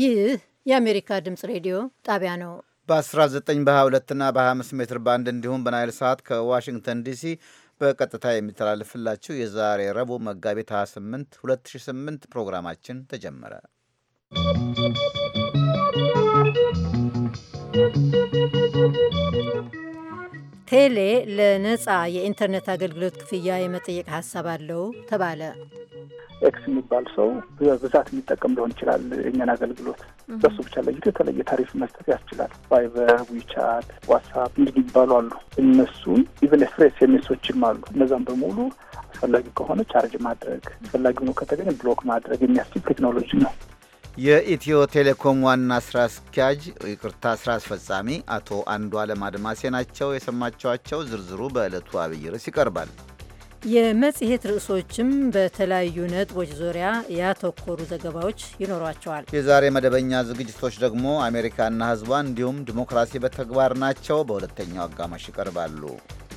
ይህ የአሜሪካ ድምፅ ሬዲዮ ጣቢያ ነው። በ19 በ22 እና በ25 ሜትር ባንድ እንዲሁም በናይል ሰዓት ከዋሽንግተን ዲሲ በቀጥታ የሚተላልፍላችሁ የዛሬ ረቡዕ መጋቢት 28 2008 ፕሮግራማችን ተጀመረ። ¶¶ ቴሌ ለነፃ የኢንተርኔት አገልግሎት ክፍያ የመጠየቅ ሀሳብ አለው ተባለ። ኤክስ የሚባል ሰው በብዛት የሚጠቀም ሊሆን ይችላል። የኛን አገልግሎት በሱ ብቻ ለይቶ የተለየ ታሪፍ መስጠት ያስችላል። ቫይበር፣ ዊቻት፣ ዋትሳፕ እንዲ ይባሉ አሉ። እነሱን ኢቨን ኤክስፕሬስ የሚሶችም አሉ። እነዛም በሙሉ አስፈላጊ ከሆነ ቻርጅ ማድረግ፣ አስፈላጊ ሆኖ ከተገኘ ብሎክ ማድረግ የሚያስችል ቴክኖሎጂ ነው። የኢትዮ ቴሌኮም ዋና ስራ አስኪያጅ ይቅርታ፣ ስራ አስፈጻሚ አቶ አንዱ አለም አድማሴ ናቸው የሰማችኋቸው። ዝርዝሩ በዕለቱ አብይ ርዕስ ይቀርባል። የመጽሔት ርዕሶችም በተለያዩ ነጥቦች ዙሪያ ያተኮሩ ዘገባዎች ይኖሯቸዋል። የዛሬ መደበኛ ዝግጅቶች ደግሞ አሜሪካና ሕዝቧ እንዲሁም ዲሞክራሲ በተግባር ናቸው። በሁለተኛው አጋማሽ ይቀርባሉ።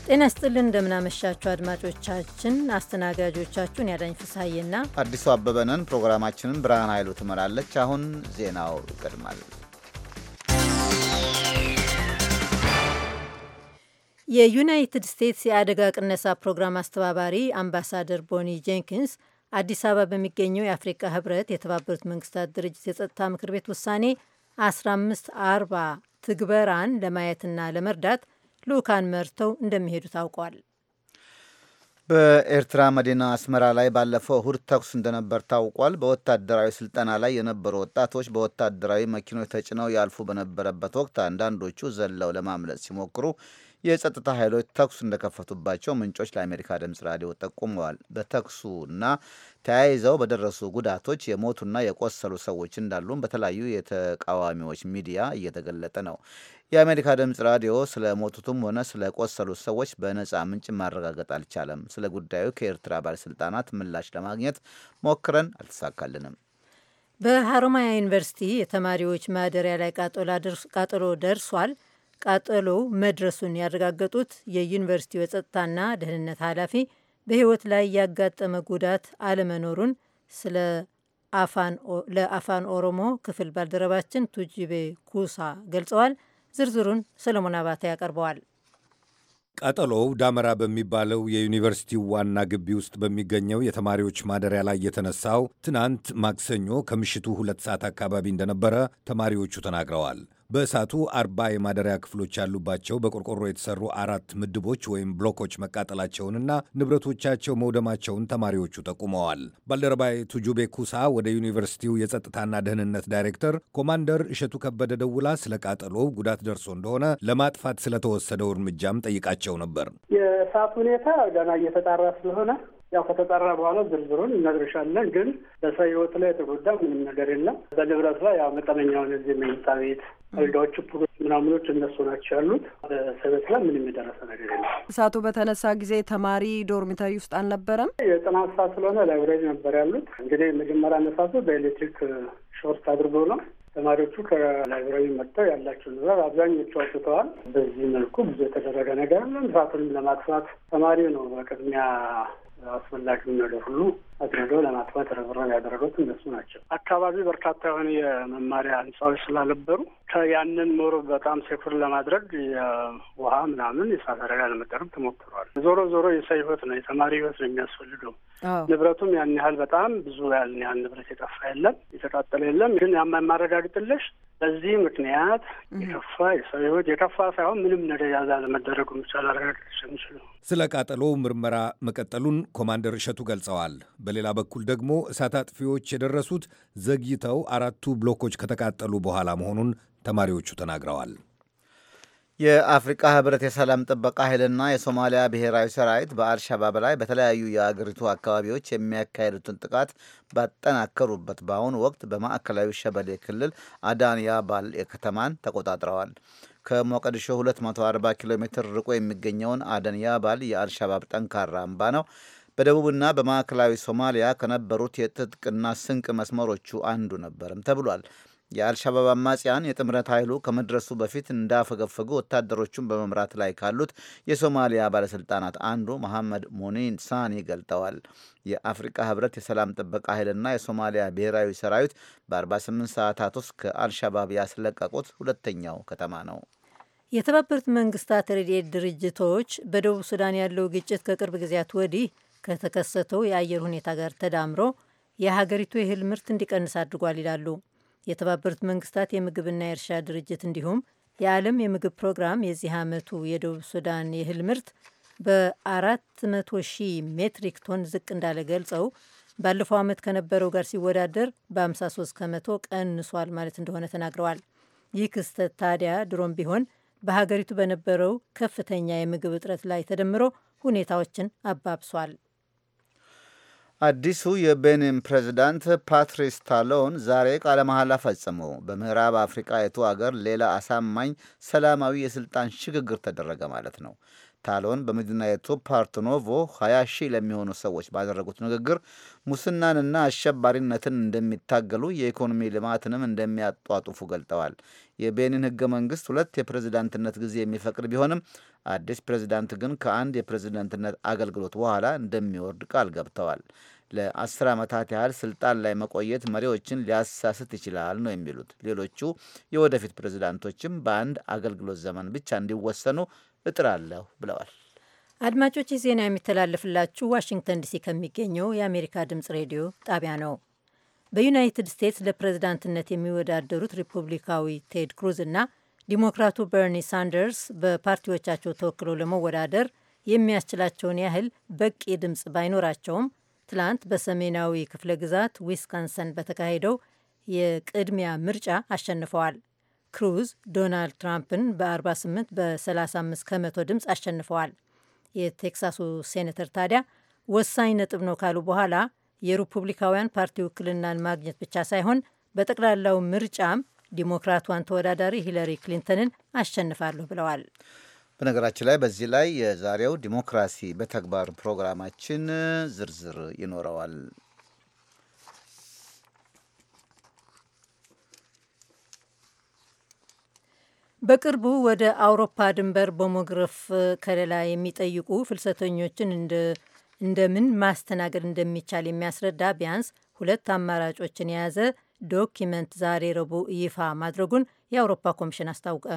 ጤና ስጥልን እንደምናመሻችሁ አድማጮቻችን። አስተናጋጆቻችሁን ያዳኝ ፍስሐዬና አዲሱ አበበነን። ፕሮግራማችንን ብርሃን ኃይሉ ትመራለች። አሁን ዜናው ይቀድማል። የዩናይትድ ስቴትስ የአደጋ ቅነሳ ፕሮግራም አስተባባሪ አምባሳደር ቦኒ ጄንኪንስ አዲስ አበባ በሚገኘው የአፍሪካ ህብረት የተባበሩት መንግስታት ድርጅት የጸጥታ ምክር ቤት ውሳኔ 1540 ትግበራን ለማየትና ለመርዳት ሉካን መርተው እንደሚሄዱ ታውቋል። በኤርትራ መዲና አስመራ ላይ ባለፈው እሁድ ተኩስ እንደነበር ታውቋል። በወታደራዊ ስልጠና ላይ የነበሩ ወጣቶች በወታደራዊ መኪኖች ተጭነው ያልፉ በነበረበት ወቅት አንዳንዶቹ ዘለው ለማምለጥ ሲሞክሩ የጸጥታ ኃይሎች ተኩስ እንደከፈቱባቸው ምንጮች ለአሜሪካ ድምፅ ራዲዮ ጠቁመዋል። በተኩሱና ተያይዘው በደረሱ ጉዳቶች የሞቱና የቆሰሉ ሰዎች እንዳሉም በተለያዩ የተቃዋሚዎች ሚዲያ እየተገለጠ ነው። የአሜሪካ ድምፅ ራዲዮ ስለ ሞቱትም ሆነ ስለ ቆሰሉት ሰዎች በነፃ ምንጭ ማረጋገጥ አልቻለም። ስለ ጉዳዩ ከኤርትራ ባለሥልጣናት ምላሽ ለማግኘት ሞክረን አልተሳካልንም። በሀሮማያ ዩኒቨርሲቲ የተማሪዎች ማደሪያ ላይ ቃጠሎ ደርሷል። ቃጠሎው መድረሱን ያረጋገጡት የዩኒቨርሲቲው የጸጥታና ደህንነት ኃላፊ በሕይወት ላይ ያጋጠመ ጉዳት አለመኖሩን ስለ ለአፋን ኦሮሞ ክፍል ባልደረባችን ቱጅቤ ኩሳ ገልጸዋል። ዝርዝሩን ሰለሞን አባተ ያቀርበዋል። ቀጠሎው ዳመራ በሚባለው የዩኒቨርሲቲው ዋና ግቢ ውስጥ በሚገኘው የተማሪዎች ማደሪያ ላይ የተነሳው ትናንት ማክሰኞ ከምሽቱ ሁለት ሰዓት አካባቢ እንደነበረ ተማሪዎቹ ተናግረዋል። በእሳቱ አርባ የማደሪያ ክፍሎች ያሉባቸው በቆርቆሮ የተሰሩ አራት ምድቦች ወይም ብሎኮች መቃጠላቸውንና ንብረቶቻቸው መውደማቸውን ተማሪዎቹ ጠቁመዋል። ባልደረባይ ቱጁቤ ኩሳ ወደ ዩኒቨርሲቲው የጸጥታና ደህንነት ዳይሬክተር ኮማንደር እሸቱ ከበደ ደውላ ስለ ቃጠሎ ጉዳት ደርሶ እንደሆነ ለማጥፋት ስለተወሰደው እርምጃም ጠይቃቸው ነበር። የእሳቱ ሁኔታ ገና እየተጣራ ስለሆነ ያው ከተጠራ በኋላ ዝርዝሩን እነግርሻለን። ግን በሰው ህይወት ላይ የተጎዳ ምንም ነገር የለም። በንብረት ላይ ያው መጠነኛውን እዚህ መኝታ ቤት አልጋዎች፣ ፑሎች፣ ምናምኖች እነሱ ናቸው ያሉት። በሰው ላይ ምንም የደረሰ ነገር የለም። እሳቱ በተነሳ ጊዜ ተማሪ ዶርሚተሪ ውስጥ አልነበረም። የጥናት ሰዓት ስለሆነ ላይብረሪ ነበር ያሉት። እንግዲህ መጀመሪያ ነሳቱ በኤሌክትሪክ ሾርት አድርጎ ነው። ተማሪዎቹ ከላይብራሪ መጥተው ያላቸው ንብረት አብዛኞቹ አውጥተዋል። በዚህ መልኩ ብዙ የተደረገ ነገር እሳቱንም ለማጥፋት ተማሪው ነው በቅድሚያ አስፈላጊውን ነገር ሁሉ አቅርዶ ለማጥፋት ርብርብ ያደረጉት እነሱ ናቸው። አካባቢ በርካታ የሆነ የመማሪያ ህንፃዎች ስላልነበሩ ከያንን ኖሮ በጣም ሴኩር ለማድረግ የውሃ ምናምን የሳት አደጋ ለመቀረብ ተሞክሯል። ዞሮ ዞሮ የሰው ህይወት ነው የተማሪ ህይወት ነው የሚያስፈልገው ንብረቱም ያን ያህል በጣም ብዙ ያን ያህል ንብረት የጠፋ የለም፣ የተቃጠለ የለም። ግን ያማ የማረጋግጥልሽ በዚህ ምክንያት የከፋ የሰው ህይወት የከፋ ሳይሆን ምንም ነገር ያዛ ለመደረጉ ምቻል አረጋግጥልሽ የሚችሉ ስለ ቃጠሎ ምርመራ መቀጠሉን ኮማንደር እሸቱ ገልጸዋል። በሌላ በኩል ደግሞ እሳት አጥፊዎች የደረሱት ዘግይተው አራቱ ብሎኮች ከተቃጠሉ በኋላ መሆኑን ተማሪዎቹ ተናግረዋል። የአፍሪቃ ህብረት የሰላም ጥበቃ ኃይልና የሶማሊያ ብሔራዊ ሰራዊት በአልሻባብ ላይ በተለያዩ የአገሪቱ አካባቢዎች የሚያካሄዱትን ጥቃት ባጠናከሩበት በአሁኑ ወቅት በማዕከላዊ ሸበሌ ክልል አዳንያ ባል ከተማን ተቆጣጥረዋል። ከሞቀዲሾ 240 ኪሎ ሜትር ርቆ የሚገኘውን አዳንያ ባል የአልሸባብ ጠንካራ አምባ ነው። በደቡብና በማዕከላዊ ሶማሊያ ከነበሩት የትጥቅና ስንቅ መስመሮቹ አንዱ ነበርም ተብሏል። የአልሻባብ አማጽያን የጥምረት ኃይሉ ከመድረሱ በፊት እንዳፈገፈጉ ወታደሮቹን በመምራት ላይ ካሉት የሶማሊያ ባለስልጣናት አንዱ መሐመድ ሞኒን ሳኒ ገልጠዋል። የአፍሪካ ህብረት የሰላም ጥበቃ ኃይልና የሶማሊያ ብሔራዊ ሰራዊት በ48 ሰዓታት ውስጥ ከአልሻባብ ያስለቀቁት ሁለተኛው ከተማ ነው። የተባበሩት መንግስታት ረድኤት ድርጅቶች በደቡብ ሱዳን ያለው ግጭት ከቅርብ ጊዜያት ወዲህ ከተከሰተው የአየር ሁኔታ ጋር ተዳምሮ የሀገሪቱ የእህል ምርት እንዲቀንስ አድርጓል ይላሉ። የተባበሩት መንግስታት የምግብና የእርሻ ድርጅት እንዲሁም የዓለም የምግብ ፕሮግራም የዚህ ዓመቱ የደቡብ ሱዳን የእህል ምርት በ400 ሺህ ሜትሪክ ቶን ዝቅ እንዳለ ገልጸው ባለፈው ዓመት ከነበረው ጋር ሲወዳደር በ53 ከመቶ ቀንሷል ማለት እንደሆነ ተናግረዋል። ይህ ክስተት ታዲያ ድሮም ቢሆን በሀገሪቱ በነበረው ከፍተኛ የምግብ እጥረት ላይ ተደምሮ ሁኔታዎችን አባብሷል። አዲሱ የቤኒን ፕሬዝዳንት ፓትሪስ ታሎን ዛሬ ቃለ መሐላ ፈጸሙ። በምዕራብ አፍሪቃዊቱ አገር ሌላ አሳማኝ ሰላማዊ የስልጣን ሽግግር ተደረገ ማለት ነው። ታሎን በመዲናይቱ ፓርትኖቮ 20 ሺህ ለሚሆኑ ሰዎች ባደረጉት ንግግር ሙስናንና አሸባሪነትን እንደሚታገሉ የኢኮኖሚ ልማትንም እንደሚያጧጡፉ ገልጠዋል። የቤኒን ህገ መንግስት ሁለት የፕሬዝዳንትነት ጊዜ የሚፈቅድ ቢሆንም አዲስ ፕሬዝዳንት ግን ከአንድ የፕሬዝዳንትነት አገልግሎት በኋላ እንደሚወርድ ቃል ገብተዋል። ለአስር ዓመታት ያህል ስልጣን ላይ መቆየት መሪዎችን ሊያሳስት ይችላል ነው የሚሉት። ሌሎቹ የወደፊት ፕሬዝዳንቶችም በአንድ አገልግሎት ዘመን ብቻ እንዲወሰኑ እጥራለሁ ብለዋል። አድማጮች፣ ይህ ዜና የሚተላለፍላችሁ ዋሽንግተን ዲሲ ከሚገኘው የአሜሪካ ድምጽ ሬዲዮ ጣቢያ ነው። በዩናይትድ ስቴትስ ለፕሬዝዳንትነት የሚወዳደሩት ሪፑብሊካዊ ቴድ ክሩዝ እና ዲሞክራቱ በርኒ ሳንደርስ በፓርቲዎቻቸው ተወክለው ለመወዳደር የሚያስችላቸውን ያህል በቂ ድምፅ ባይኖራቸውም ትላንት በሰሜናዊ ክፍለ ግዛት ዊስካንሰን በተካሄደው የቅድሚያ ምርጫ አሸንፈዋል። ክሩዝ ዶናልድ ትራምፕን በ48 በ35 ከመቶ ድምፅ አሸንፈዋል። የቴክሳሱ ሴኔተር ታዲያ ወሳኝ ነጥብ ነው ካሉ በኋላ የሪፑብሊካውያን ፓርቲ ውክልናን ማግኘት ብቻ ሳይሆን በጠቅላላው ምርጫም ዲሞክራቷን ተወዳዳሪ ሂለሪ ክሊንተንን አሸንፋለሁ ብለዋል። በነገራችን ላይ በዚህ ላይ የዛሬው ዲሞክራሲ በተግባር ፕሮግራማችን ዝርዝር ይኖረዋል። በቅርቡ ወደ አውሮፓ ድንበር በሞግረፍ ከለላ የሚጠይቁ ፍልሰተኞችን እንደምን ማስተናገድ እንደሚቻል የሚያስረዳ ቢያንስ ሁለት አማራጮችን የያዘ ዶኪመንት ዛሬ ረቡዕ ይፋ ማድረጉን የአውሮፓ ኮሚሽን አስታውቀ።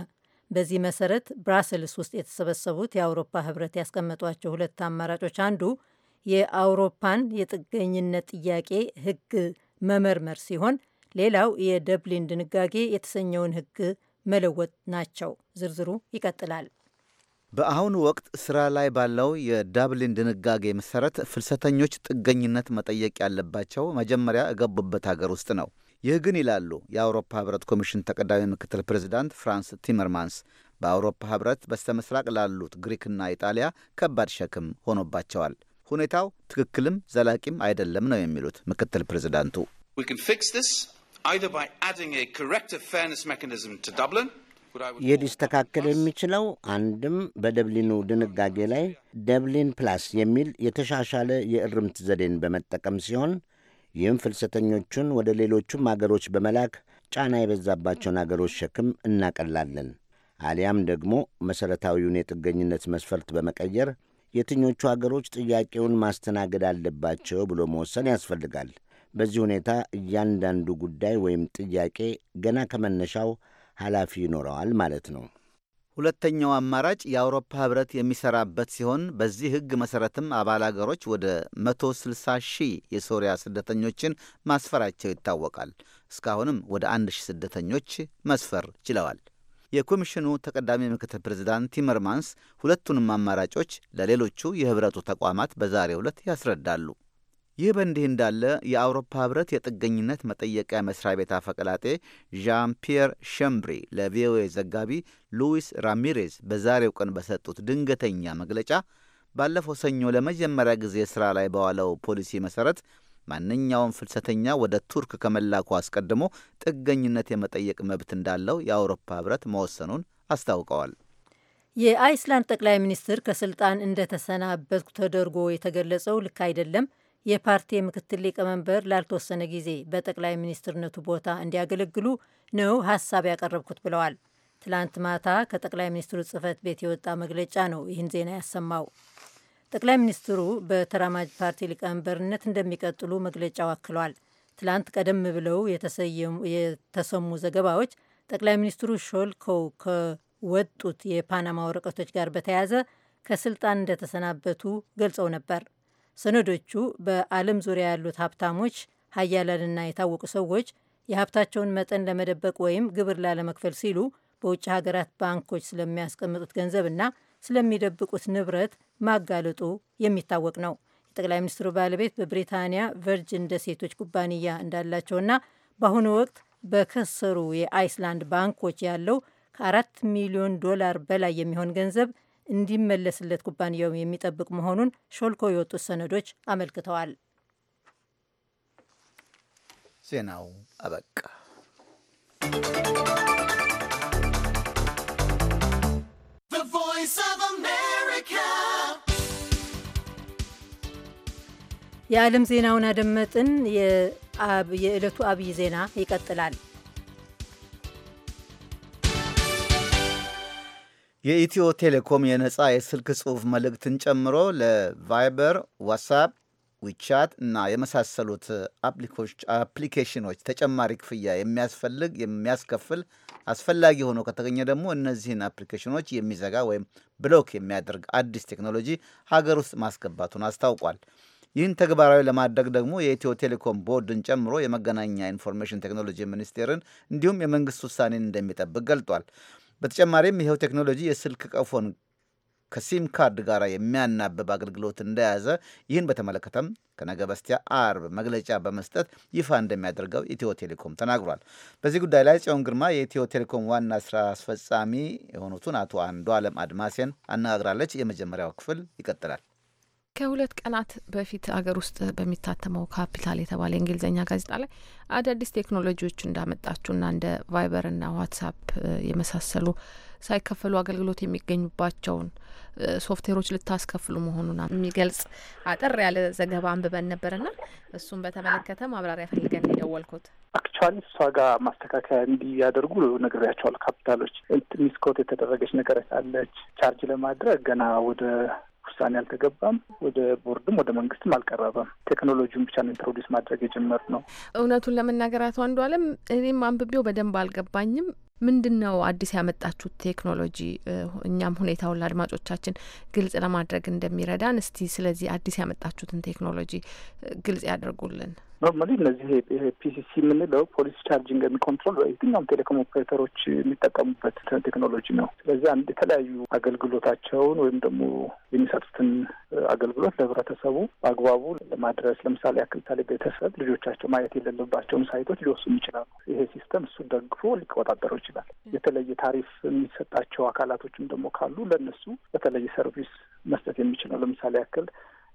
በዚህ መሰረት ብራሰልስ ውስጥ የተሰበሰቡት የአውሮፓ ህብረት ያስቀመጧቸው ሁለት አማራጮች አንዱ የአውሮፓን የጥገኝነት ጥያቄ ህግ መመርመር ሲሆን ሌላው የደብሊን ድንጋጌ የተሰኘውን ህግ መለወጥ ናቸው። ዝርዝሩ ይቀጥላል። በአሁኑ ወቅት ስራ ላይ ባለው የዳብሊን ድንጋጌ መሰረት ፍልሰተኞች ጥገኝነት መጠየቅ ያለባቸው መጀመሪያ እገቡበት ሀገር ውስጥ ነው። ይህ ግን ይላሉ የአውሮፓ ህብረት ኮሚሽን ተቀዳሚ ምክትል ፕሬዚዳንት ፍራንስ ቲመርማንስ በአውሮፓ ህብረት በስተ ምስራቅ ላሉት ግሪክና ኢጣሊያ ከባድ ሸክም ሆኖባቸዋል። ሁኔታው ትክክልም ዘላቂም አይደለም ነው የሚሉት ምክትል ፕሬዚዳንቱ either by adding a corrective fairness mechanism to Dublin የሚችለው አንድም በደብሊኑ ድንጋጌ ላይ ደብሊን ፕላስ የሚል የተሻሻለ የእርምት ዘዴን በመጠቀም ሲሆን ይህም ፍልሰተኞቹን ወደ ሌሎቹም አገሮች በመላክ ጫና የበዛባቸውን አገሮች ሸክም እናቀላለን። አሊያም ደግሞ መሠረታዊውን የጥገኝነት መስፈርት በመቀየር የትኞቹ አገሮች ጥያቄውን ማስተናገድ አለባቸው ብሎ መወሰን ያስፈልጋል። በዚህ ሁኔታ እያንዳንዱ ጉዳይ ወይም ጥያቄ ገና ከመነሻው ኃላፊ ይኖረዋል ማለት ነው። ሁለተኛው አማራጭ የአውሮፓ ህብረት የሚሰራበት ሲሆን በዚህ ህግ መሠረትም አባል አገሮች ወደ 160 ሺህ የሶሪያ ስደተኞችን ማስፈራቸው ይታወቃል። እስካሁንም ወደ 1 ሺህ ስደተኞች መስፈር ችለዋል። የኮሚሽኑ ተቀዳሚ ምክትል ፕሬዚዳንት ቲመርማንስ ሁለቱንም አማራጮች ለሌሎቹ የህብረቱ ተቋማት በዛሬው ዕለት ያስረዳሉ። ይህ በእንዲህ እንዳለ የአውሮፓ ህብረት የጥገኝነት መጠየቂያ መስሪያ ቤት አፈቀላጤ ዣን ፒየር ሸምብሪ ለቪኦኤ ዘጋቢ ሉዊስ ራሚሬዝ በዛሬው ቀን በሰጡት ድንገተኛ መግለጫ ባለፈው ሰኞ ለመጀመሪያ ጊዜ ሥራ ላይ በዋለው ፖሊሲ መሠረት ማንኛውም ፍልሰተኛ ወደ ቱርክ ከመላኩ አስቀድሞ ጥገኝነት የመጠየቅ መብት እንዳለው የአውሮፓ ህብረት መወሰኑን አስታውቀዋል። የአይስላንድ ጠቅላይ ሚኒስትር ከስልጣን እንደተሰናበትኩ ተደርጎ የተገለጸው ልክ አይደለም የፓርቲ ምክትል ሊቀመንበር ላልተወሰነ ጊዜ በጠቅላይ ሚኒስትርነቱ ቦታ እንዲያገለግሉ ነው ሀሳብ ያቀረብኩት ብለዋል። ትላንት ማታ ከጠቅላይ ሚኒስትሩ ጽህፈት ቤት የወጣ መግለጫ ነው ይህን ዜና ያሰማው። ጠቅላይ ሚኒስትሩ በተራማጅ ፓርቲ ሊቀመንበርነት እንደሚቀጥሉ መግለጫው አክሏል። ትላንት ቀደም ብለው የተሰሙ ዘገባዎች ጠቅላይ ሚኒስትሩ ሾልከው ከወጡት የፓናማ ወረቀቶች ጋር በተያያዘ ከስልጣን እንደተሰናበቱ ገልጸው ነበር። ሰነዶቹ በዓለም ዙሪያ ያሉት ሀብታሞች፣ ሀያላንና የታወቁ ሰዎች የሀብታቸውን መጠን ለመደበቅ ወይም ግብር ላለመክፈል ሲሉ በውጭ ሀገራት ባንኮች ስለሚያስቀምጡት ገንዘብና ስለሚደብቁት ንብረት ማጋለጡ የሚታወቅ ነው። የጠቅላይ ሚኒስትሩ ባለቤት በብሪታንያ ቨርጅን ደሴቶች ኩባንያ እንዳላቸውና በአሁኑ ወቅት በከሰሩ የአይስላንድ ባንኮች ያለው ከአራት ሚሊዮን ዶላር በላይ የሚሆን ገንዘብ እንዲመለስለት ኩባንያው የሚጠብቅ መሆኑን ሾልኮ የወጡት ሰነዶች አመልክተዋል። ዜናው አበቃ። የዓለም ዜናውን አደመጥን። የዕለቱ አብይ ዜና ይቀጥላል። የኢትዮ ቴሌኮም የነፃ የስልክ ጽሑፍ መልእክትን ጨምሮ ለቫይበር፣ ዋትሳፕ፣ ዊቻት እና የመሳሰሉት አፕሊኬሽኖች ተጨማሪ ክፍያ የሚያስፈልግ የሚያስከፍል አስፈላጊ ሆኖ ከተገኘ ደግሞ እነዚህን አፕሊኬሽኖች የሚዘጋ ወይም ብሎክ የሚያደርግ አዲስ ቴክኖሎጂ ሀገር ውስጥ ማስገባቱን አስታውቋል። ይህን ተግባራዊ ለማድረግ ደግሞ የኢትዮ ቴሌኮም ቦርድን ጨምሮ የመገናኛ ኢንፎርሜሽን ቴክኖሎጂ ሚኒስቴርን እንዲሁም የመንግስት ውሳኔን እንደሚጠብቅ ገልጧል። በተጨማሪም ይኸው ቴክኖሎጂ የስልክ ቀፎን ከሲም ካርድ ጋር የሚያናብብ አገልግሎት እንደያዘ ይህን በተመለከተም ከነገ በስቲያ አርብ መግለጫ በመስጠት ይፋ እንደሚያደርገው ኢትዮ ቴሌኮም ተናግሯል። በዚህ ጉዳይ ላይ ጽዮን ግርማ የኢትዮ ቴሌኮም ዋና ስራ አስፈጻሚ የሆኑትን አቶ አንዱ አለም አድማሴን አነጋግራለች። የመጀመሪያው ክፍል ይቀጥላል። ከሁለት ቀናት በፊት አገር ውስጥ በሚታተመው ካፒታል የተባለ የእንግሊዝኛ ጋዜጣ ላይ አዳዲስ ቴክኖሎጂዎች እንዳመጣችሁና እንደ ቫይበርና ዋትሳፕ የመሳሰሉ ሳይከፈሉ አገልግሎት የሚገኙባቸውን ሶፍትዌሮች ልታስከፍሉ መሆኑን የሚገልጽ አጠር ያለ ዘገባ አንብበን ነበርና እሱን በተመለከተ ማብራሪያ ፈልገን የደወልኩት አክቹዋሊ እሷ ጋር ማስተካከያ እንዲያደርጉ ነግሬያቸዋል። ካፒታሎች ሚስኮት የተደረገች ነገር አለች። ቻርጅ ለማድረግ ገና ወደ ውሳኔ አልተገባም። ወደ ቦርድም ወደ መንግስትም አልቀረበም። ቴክኖሎጂውን ብቻ ነው ኢንትሮዲስ ማድረግ የጀመርነው። እውነቱን ለመናገር አቶ አንዱ አለም እኔም አንብቤው በደንብ አልገባኝም። ምንድን ነው አዲስ ያመጣችሁት ቴክኖሎጂ? እኛም ሁኔታውን ለአድማጮቻችን ግልጽ ለማድረግ እንደሚረዳን እስቲ ስለዚህ አዲስ ያመጣችሁትን ቴክኖሎጂ ግልጽ ያደርጉልን። ኖርማሊ እነዚህ ፒሲሲ የምንለው ፖሊስ ቻርጅንግ ኤንድ ኮንትሮል የትኛውም ቴሌኮም ኦፕሬተሮች የሚጠቀሙበት ቴክኖሎጂ ነው። ስለዚህ አንድ የተለያዩ አገልግሎታቸውን ወይም ደግሞ የሚሰጡትን አገልግሎት ለህብረተሰቡ በአግባቡ ለማድረስ ለምሳሌ ያክል ታሌ ቤተሰብ ልጆቻቸው ማየት የሌለባቸውን ሳይቶች ሊወስኑ ይችላሉ። ይሄ ሲስተም እሱ ደግፎ ሊቆጣጠረው ይችላል። የተለየ ታሪፍ የሚሰጣቸው አካላቶችም ደግሞ ካሉ ለእነሱ በተለየ ሰርቪስ መስጠት የሚችል ነው። ለምሳሌ ያክል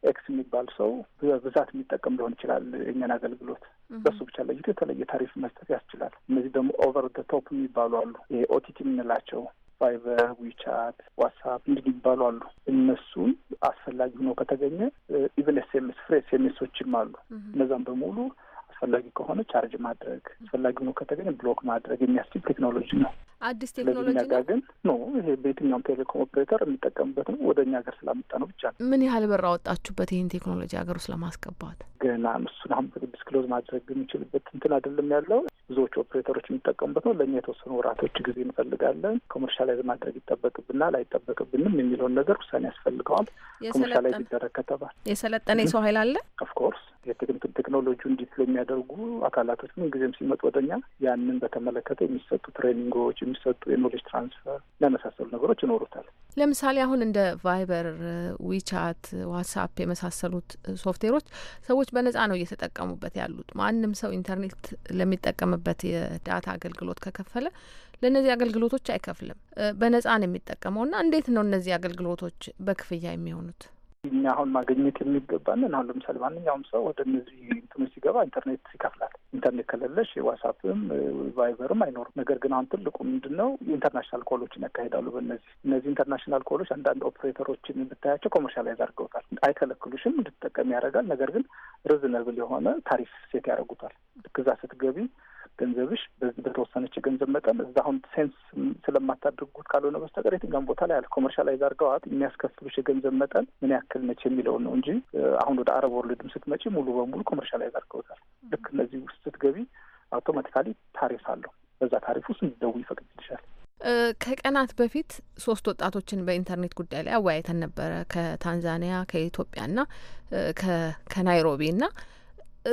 ኤክስ የሚባል ሰው በብዛት የሚጠቀም ሊሆን ይችላል። የኛን አገልግሎት በሱ ብቻ ለይቶ የተለየ ታሪፍ መስጠት ያስችላል። እነዚህ ደግሞ ኦቨር ደ ቶፕ የሚባሉ አሉ። ይሄ ኦቲቲ የምንላቸው ቫይበር፣ ዊቻት፣ ዋትሳፕ እንዲህ የሚባሉ አሉ። እነሱን አስፈላጊ ሆኖ ከተገኘ ኢቨን ኤስ ኤም ኤስ ፍሬ ኤስ ኤም ኤሶችም አሉ። እነዛም በሙሉ አስፈላጊ ከሆነ ቻርጅ ማድረግ አስፈላጊ ሆኖ ከተገኘ ብሎክ ማድረግ የሚያስችል ቴክኖሎጂ ነው። አዲስ ቴክኖሎጂ ነጋ ግን ኖ ይሄ በየትኛውም ቴሌኮም ኦፕሬተር የሚጠቀምበት ነው። ወደ እኛ ሀገር ስላመጣ ነው ብቻ ምን ያህል ብር አወጣችሁበት ይህን ቴክኖሎጂ ሀገር ውስጥ ለማስገባት? ገና እሱን አሁን ዲስክሎዝ ማድረግ የሚችልበት እንትን አይደለም ያለው ብዙዎቹ ኦፕሬተሮች የሚጠቀሙበት ነው። ለእኛ የተወሰኑ ወራቶች ጊዜ እንፈልጋለን። ኮመርሻላይዝ ማድረግ ይጠበቅብናል አይጠበቅብንም የሚለውን ነገር ውሳኔ ያስፈልገዋል። ኮመርሻላይዝ ይደረግ ከተባል የሰለጠነ የሰው ኃይል አለ። ኦፍኮርስ ቴክኖሎጂውን ዲፕሎ የሚያደርጉ አካላቶች ምን ጊዜም ሲመጡ ወደኛ ያንን በተመለከተ የሚሰጡ ትሬኒንጎች፣ የሚሰጡ የኖሌጅ ትራንስፈር ለመሳሰሉ ነገሮች ይኖሩታል። ለምሳሌ አሁን እንደ ቫይበር፣ ዊቻት፣ ዋትሳፕ የመሳሰሉት ሶፍትዌሮች ሰዎች በነጻ ነው እየተጠቀሙበት ያሉት። ማንም ሰው ኢንተርኔት ለሚጠቀምበት የሚጠቀምበት የዳታ አገልግሎት ከከፈለ ለእነዚህ አገልግሎቶች አይከፍልም። በነጻ ነው የሚጠቀመው። ና እንዴት ነው እነዚህ አገልግሎቶች በክፍያ የሚሆኑት? እኛ አሁን ማግኘት የሚገባንን አሁን ለምሳሌ ማንኛውም ሰው ወደ እነዚህ እንትኖች ሲገባ ኢንተርኔት ይከፍላል። ኢንተርኔት ከሌለሽ ዋትሳፕም ቫይበርም አይኖርም። ነገር ግን አሁን ትልቁ ምንድን ነው ኢንተርናሽናል ኮሎችን ያካሄዳሉ በእነዚህ እነዚህ ኢንተርናሽናል ኮሎች አንዳንድ ኦፕሬተሮችን ብታያቸው ኮመርሻላይዝ አድርገውታል። አይከለክሉሽም፣ እንድትጠቀም ያደርጋል። ነገር ግን ሪዝነብል የሆነ ታሪፍ ሴት ያደርጉታል። ልክ እዛ ስትገቢ ገንዘብሽ በዚህ በተወሰነች ገንዘብ መጠን እዛ አሁን ሴንስ ስለማታደርጉት ካልሆነ በስተቀር የትኛውም ቦታ ላይ ኮመርሻላይዝ አድርገዋት የሚያስከፍሉሽ የገንዘብ መጠን ምን ያክል ነች የሚለውን ነው እንጂ አሁን ወደ አረብ ወርልድም ስትመጪ ሙሉ በሙሉ ኮመርሻላይዝ አድርገውታል። ልክ እነዚህ ውስጥ ስትገቢ አውቶማቲካሊ ታሪፍ አለው። በዛ ታሪፍ ውስጥ እንዲደውይ ይፈቅድልሻል። ከቀናት በፊት ሶስት ወጣቶችን በኢንተርኔት ጉዳይ ላይ አወያይተን ነበረ። ከታንዛኒያ፣ ከኢትዮጵያና ከናይሮቢ ና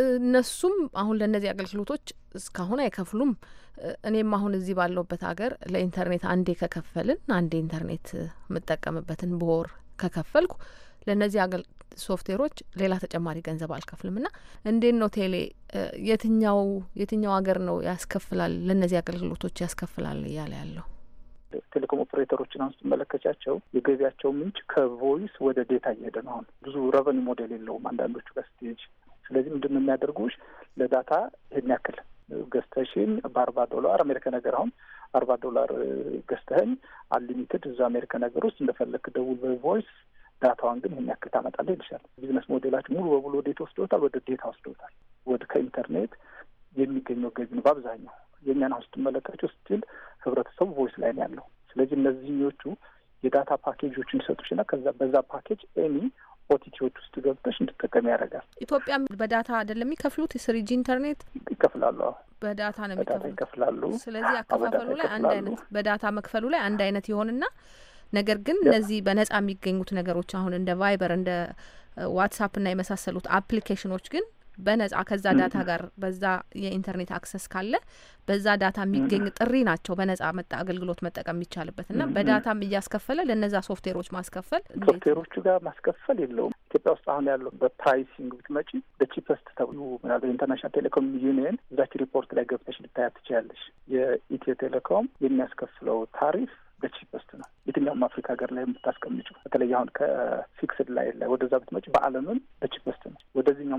እነሱም አሁን ለእነዚህ አገልግሎቶች እስካሁን አይከፍሉም። እኔም አሁን እዚህ ባለውበት ሀገር ለኢንተርኔት አንዴ ከከፈልን አንዴ ኢንተርኔት የምጠቀምበትን በወር ከከፈልኩ ለእነዚህ አገል ሶፍትዌሮች ሌላ ተጨማሪ ገንዘብ አልከፍልም። ና እንዴት ነው ቴሌ የትኛው የትኛው ሀገር ነው ያስከፍላል ለእነዚህ አገልግሎቶች ያስከፍላል እያለ ያለው? ቴሌኮም ኦፕሬተሮችን አሁን ስትመለከቻቸው የገቢያቸው ምንጭ ከቮይስ ወደ ዴታ እየሄደ ነው። አሁን ብዙ ረቨኒ ሞዴል የለውም አንዳንዶቹ ጋር ስለዚህ ምንድን ነው የሚያደርጉች ለዳታ ይሄን ያክል ገዝተሽን በአርባ ዶላር አሜሪካ ነገር አሁን አርባ ዶላር ገዝተኸኝ አንሊሚትድ እዛ አሜሪካ ነገር ውስጥ እንደፈለግ ደውል በቮይስ ዳታዋን ግን ይህን ያክል ታመጣለህ ይልሻል። ቢዝነስ ሞዴላችን ሙሉ በሙሉ ወዴት ወስዶታል? ወደ ዴታ ወስዶታል። ወደ ከኢንተርኔት የሚገኘው ገቢ ነው በአብዛኛው። የእኛን አሁን ስትመለከታቸው ስቲል ህብረተሰቡ ቮይስ ላይ ነው ያለው። ስለዚህ እነዚህኞቹ የዳታ ፓኬጆችን ይሰጡሽና ከዛ በዛ ፓኬጅ ኤኒ ኦቲቲዎች ውስጥ ገብተሽ እንድጠቀም ያደርጋል። ኢትዮጵያ በዳታ አይደለም የሚከፍሉት የስሪጂ ኢንተርኔት ይከፍላሉ። በዳታ ነው የሚከፍሉት ይከፍላሉ። ስለዚህ አከፋፈሉ ላይ አንድ አይነት በዳታ መክፈሉ ላይ አንድ አይነት ይሆንና ነገር ግን እነዚህ በነጻ የሚገኙት ነገሮች አሁን እንደ ቫይበር እንደ ዋትሳፕ እና የመሳሰሉት አፕሊኬሽኖች ግን በነጻ ከዛ ዳታ ጋር በዛ የኢንተርኔት አክሰስ ካለ በዛ ዳታ የሚገኝ ጥሪ ናቸው በነጻ መጣ አገልግሎት መጠቀም የሚቻልበት እና በዳታም እያስከፈለ ለነዛ ሶፍትዌሮች ማስከፈል ሶፍትዌሮቹ ጋር ማስከፈል የለውም። ኢትዮጵያ ውስጥ አሁን ያለው በፕራይሲንግ ብትመጪ በቺፐስት ተብሎ ምናልባት ኢንተርናሽናል ቴሌኮም ዩኒየን እዛች ሪፖርት ላይ ገብተሽ ልታያት ትችላለሽ። የኢትዮ ቴሌኮም የሚያስከፍለው ታሪፍ በቺፐስት ነው። የትኛውም አፍሪካ ሀገር ላይ የምታስቀምጩ በተለይ አሁን ከፊክስድ ላይ ላይ ወደዛ ብትመጪ በዓለምም በቺፐስት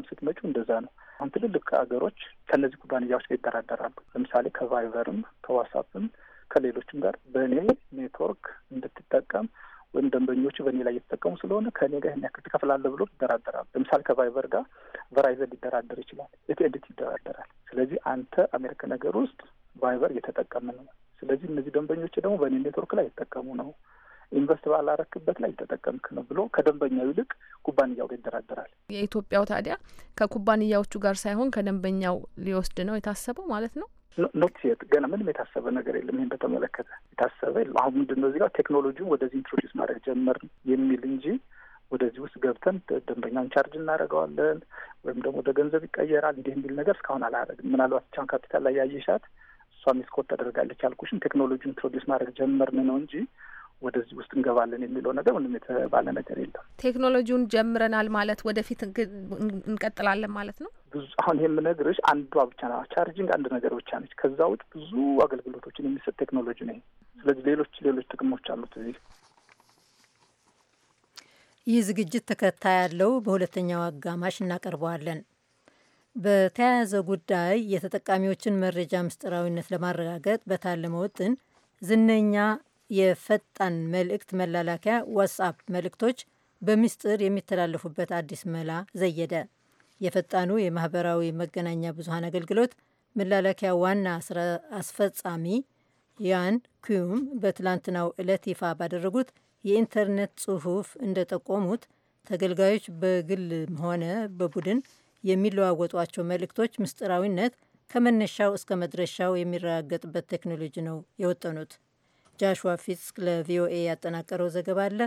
ስትመጩ እንደዛ ነው። አሁን ትልልቅ ሀገሮች ከእነዚህ ኩባንያዎች ጋር ይደራደራሉ። ለምሳሌ ከቫይቨርም ከዋትሳፕም ከሌሎችም ጋር በእኔ ኔትወርክ እንድትጠቀም ወይም ደንበኞቹ በእኔ ላይ እየተጠቀሙ ስለሆነ ከእኔ ጋር የሚያክል ትከፍላለህ ብሎ ይደራደራሉ። ለምሳሌ ከቫይቨር ጋር ቨራይዘን ሊደራደር ይችላል። ኤቲኤንዲት ይደራደራል። ስለዚህ አንተ አሜሪካ ነገር ውስጥ ቫይቨር እየተጠቀመ ነው። ስለዚህ እነዚህ ደንበኞች ደግሞ በእኔ ኔትወርክ ላይ የተጠቀሙ ነው ኢንቨስት ባላረክበት ላይ የተጠቀምክ ነው ብሎ ከደንበኛው ይልቅ ኩባንያው ጋር ይደራደራል። የኢትዮጵያው ታዲያ ከኩባንያዎቹ ጋር ሳይሆን ከደንበኛው ሊወስድ ነው የታሰበው ማለት ነው። ኖት የት ገና ምንም የታሰበ ነገር የለም። ይህን በተመለከተ የታሰበ የለም። አሁን ምንድን ነው እዚህ ጋር ቴክኖሎጂውን ወደዚህ ኢንትሮዲስ ማድረግ ጀመር የሚል እንጂ ወደዚህ ውስጥ ገብተን ደንበኛውን ቻርጅ እናደርገዋለን ወይም ደግሞ ወደ ገንዘብ ይቀየራል እንዲህ የሚል ነገር እስካሁን አላደረግም። ምናልባት ቻን ካፒታል ላይ ያየሻት እሷ ሚስኮት ተደርጋለች ያልኩሽን ቴክኖሎጂ ኢንትሮዲስ ማድረግ ጀመርን ነው እንጂ ወደዚህ ውስጥ እንገባለን የሚለው ነገር ምንም የተባለ ነገር የለም። ቴክኖሎጂውን ጀምረናል ማለት ወደፊት እንቀጥላለን ማለት ነው። ብዙ አሁን ይሄ የምነግርሽ አንዷ ብቻ ና ቻርጅንግ አንድ ነገር ብቻ ነች። ከዛ ውጭ ብዙ አገልግሎቶችን የሚሰጥ ቴክኖሎጂ ነው። ስለዚህ ሌሎች ሌሎች ጥቅሞች አሉት እዚህ ይህ ዝግጅት ተከታይ ያለው በሁለተኛው አጋማሽ እናቀርበዋለን። በተያያዘ ጉዳይ የተጠቃሚዎችን መረጃ ምስጢራዊነት ለማረጋገጥ በታለመ ውጥን ዝነኛ የፈጣን መልእክት መላላኪያ ዋትስአፕ መልእክቶች በምስጢር የሚተላለፉበት አዲስ መላ ዘየደ። የፈጣኑ የማህበራዊ መገናኛ ብዙሀን አገልግሎት መላላኪያ ዋና አስፈጻሚ ያን ኩም በትላንትናው ዕለት ይፋ ባደረጉት የኢንተርኔት ጽሑፍ እንደጠቆሙት ተገልጋዮች በግልም ሆነ በቡድን የሚለዋወጧቸው መልእክቶች ምስጢራዊነት ከመነሻው እስከ መድረሻው የሚረጋገጥበት ቴክኖሎጂ ነው የወጠኑት። ጃሽዋ ፊስክ ለቪኦኤ ያጠናቀረው ዘገባ አለ።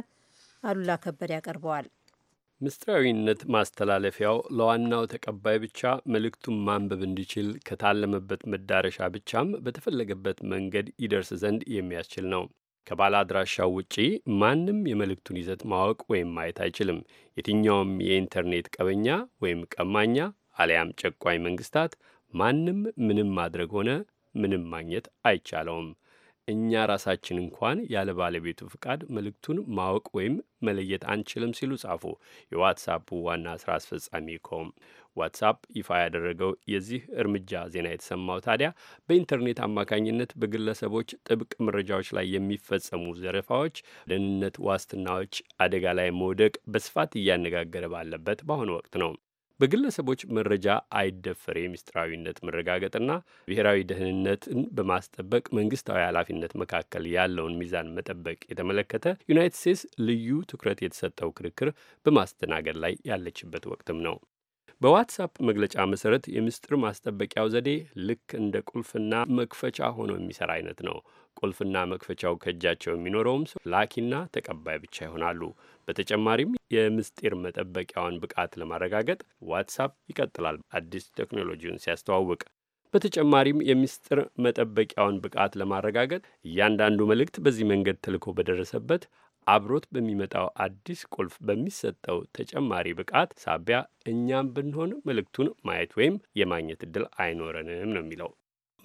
አሉላ ከበደ ያቀርበዋል። ምስጢራዊነት ማስተላለፊያው ለዋናው ተቀባይ ብቻ መልእክቱን ማንበብ እንዲችል ከታለመበት መዳረሻ ብቻም በተፈለገበት መንገድ ይደርስ ዘንድ የሚያስችል ነው። ከባለ አድራሻው ውጪ ማንም የመልእክቱን ይዘት ማወቅ ወይም ማየት አይችልም። የትኛውም የኢንተርኔት ቀበኛ ወይም ቀማኛ አሊያም ጨቋኝ መንግስታት ማንም ምንም ማድረግ ሆነ ምንም ማግኘት አይቻለውም። እኛ ራሳችን እንኳን ያለ ባለቤቱ ፍቃድ መልእክቱን ማወቅ ወይም መለየት አንችልም ሲሉ ጻፉ። የዋትሳፑ ዋና ስራ አስፈጻሚ ኮም ዋትሳፕ ይፋ ያደረገው የዚህ እርምጃ ዜና የተሰማው ታዲያ በኢንተርኔት አማካኝነት በግለሰቦች ጥብቅ መረጃዎች ላይ የሚፈጸሙ ዘረፋዎች፣ ደህንነት ዋስትናዎች አደጋ ላይ መውደቅ በስፋት እያነጋገረ ባለበት በአሁኑ ወቅት ነው። በግለሰቦች መረጃ አይደፈር የሚስጥራዊነት መረጋገጥና ብሔራዊ ደህንነትን በማስጠበቅ መንግስታዊ ኃላፊነት መካከል ያለውን ሚዛን መጠበቅ የተመለከተ ዩናይትድ ስቴትስ ልዩ ትኩረት የተሰጠው ክርክር በማስተናገድ ላይ ያለችበት ወቅትም ነው። በዋትሳፕ መግለጫ መሰረት የምስጢር ማስጠበቂያው ዘዴ ልክ እንደ ቁልፍና መክፈቻ ሆኖ የሚሰራ አይነት ነው። ቁልፍና መክፈቻው ከእጃቸው የሚኖረውም ሰው ላኪና ተቀባይ ብቻ ይሆናሉ። በተጨማሪም የምስጢር መጠበቂያውን ብቃት ለማረጋገጥ ዋትሳፕ ይቀጥላል አዲስ ቴክኖሎጂውን ሲያስተዋውቅ። በተጨማሪም የምስጢር መጠበቂያውን ብቃት ለማረጋገጥ እያንዳንዱ መልእክት በዚህ መንገድ ተልኮ በደረሰበት አብሮት በሚመጣው አዲስ ቁልፍ በሚሰጠው ተጨማሪ ብቃት ሳቢያ እኛም ብንሆን መልእክቱን ማየት ወይም የማግኘት እድል አይኖረንም ነው የሚለው።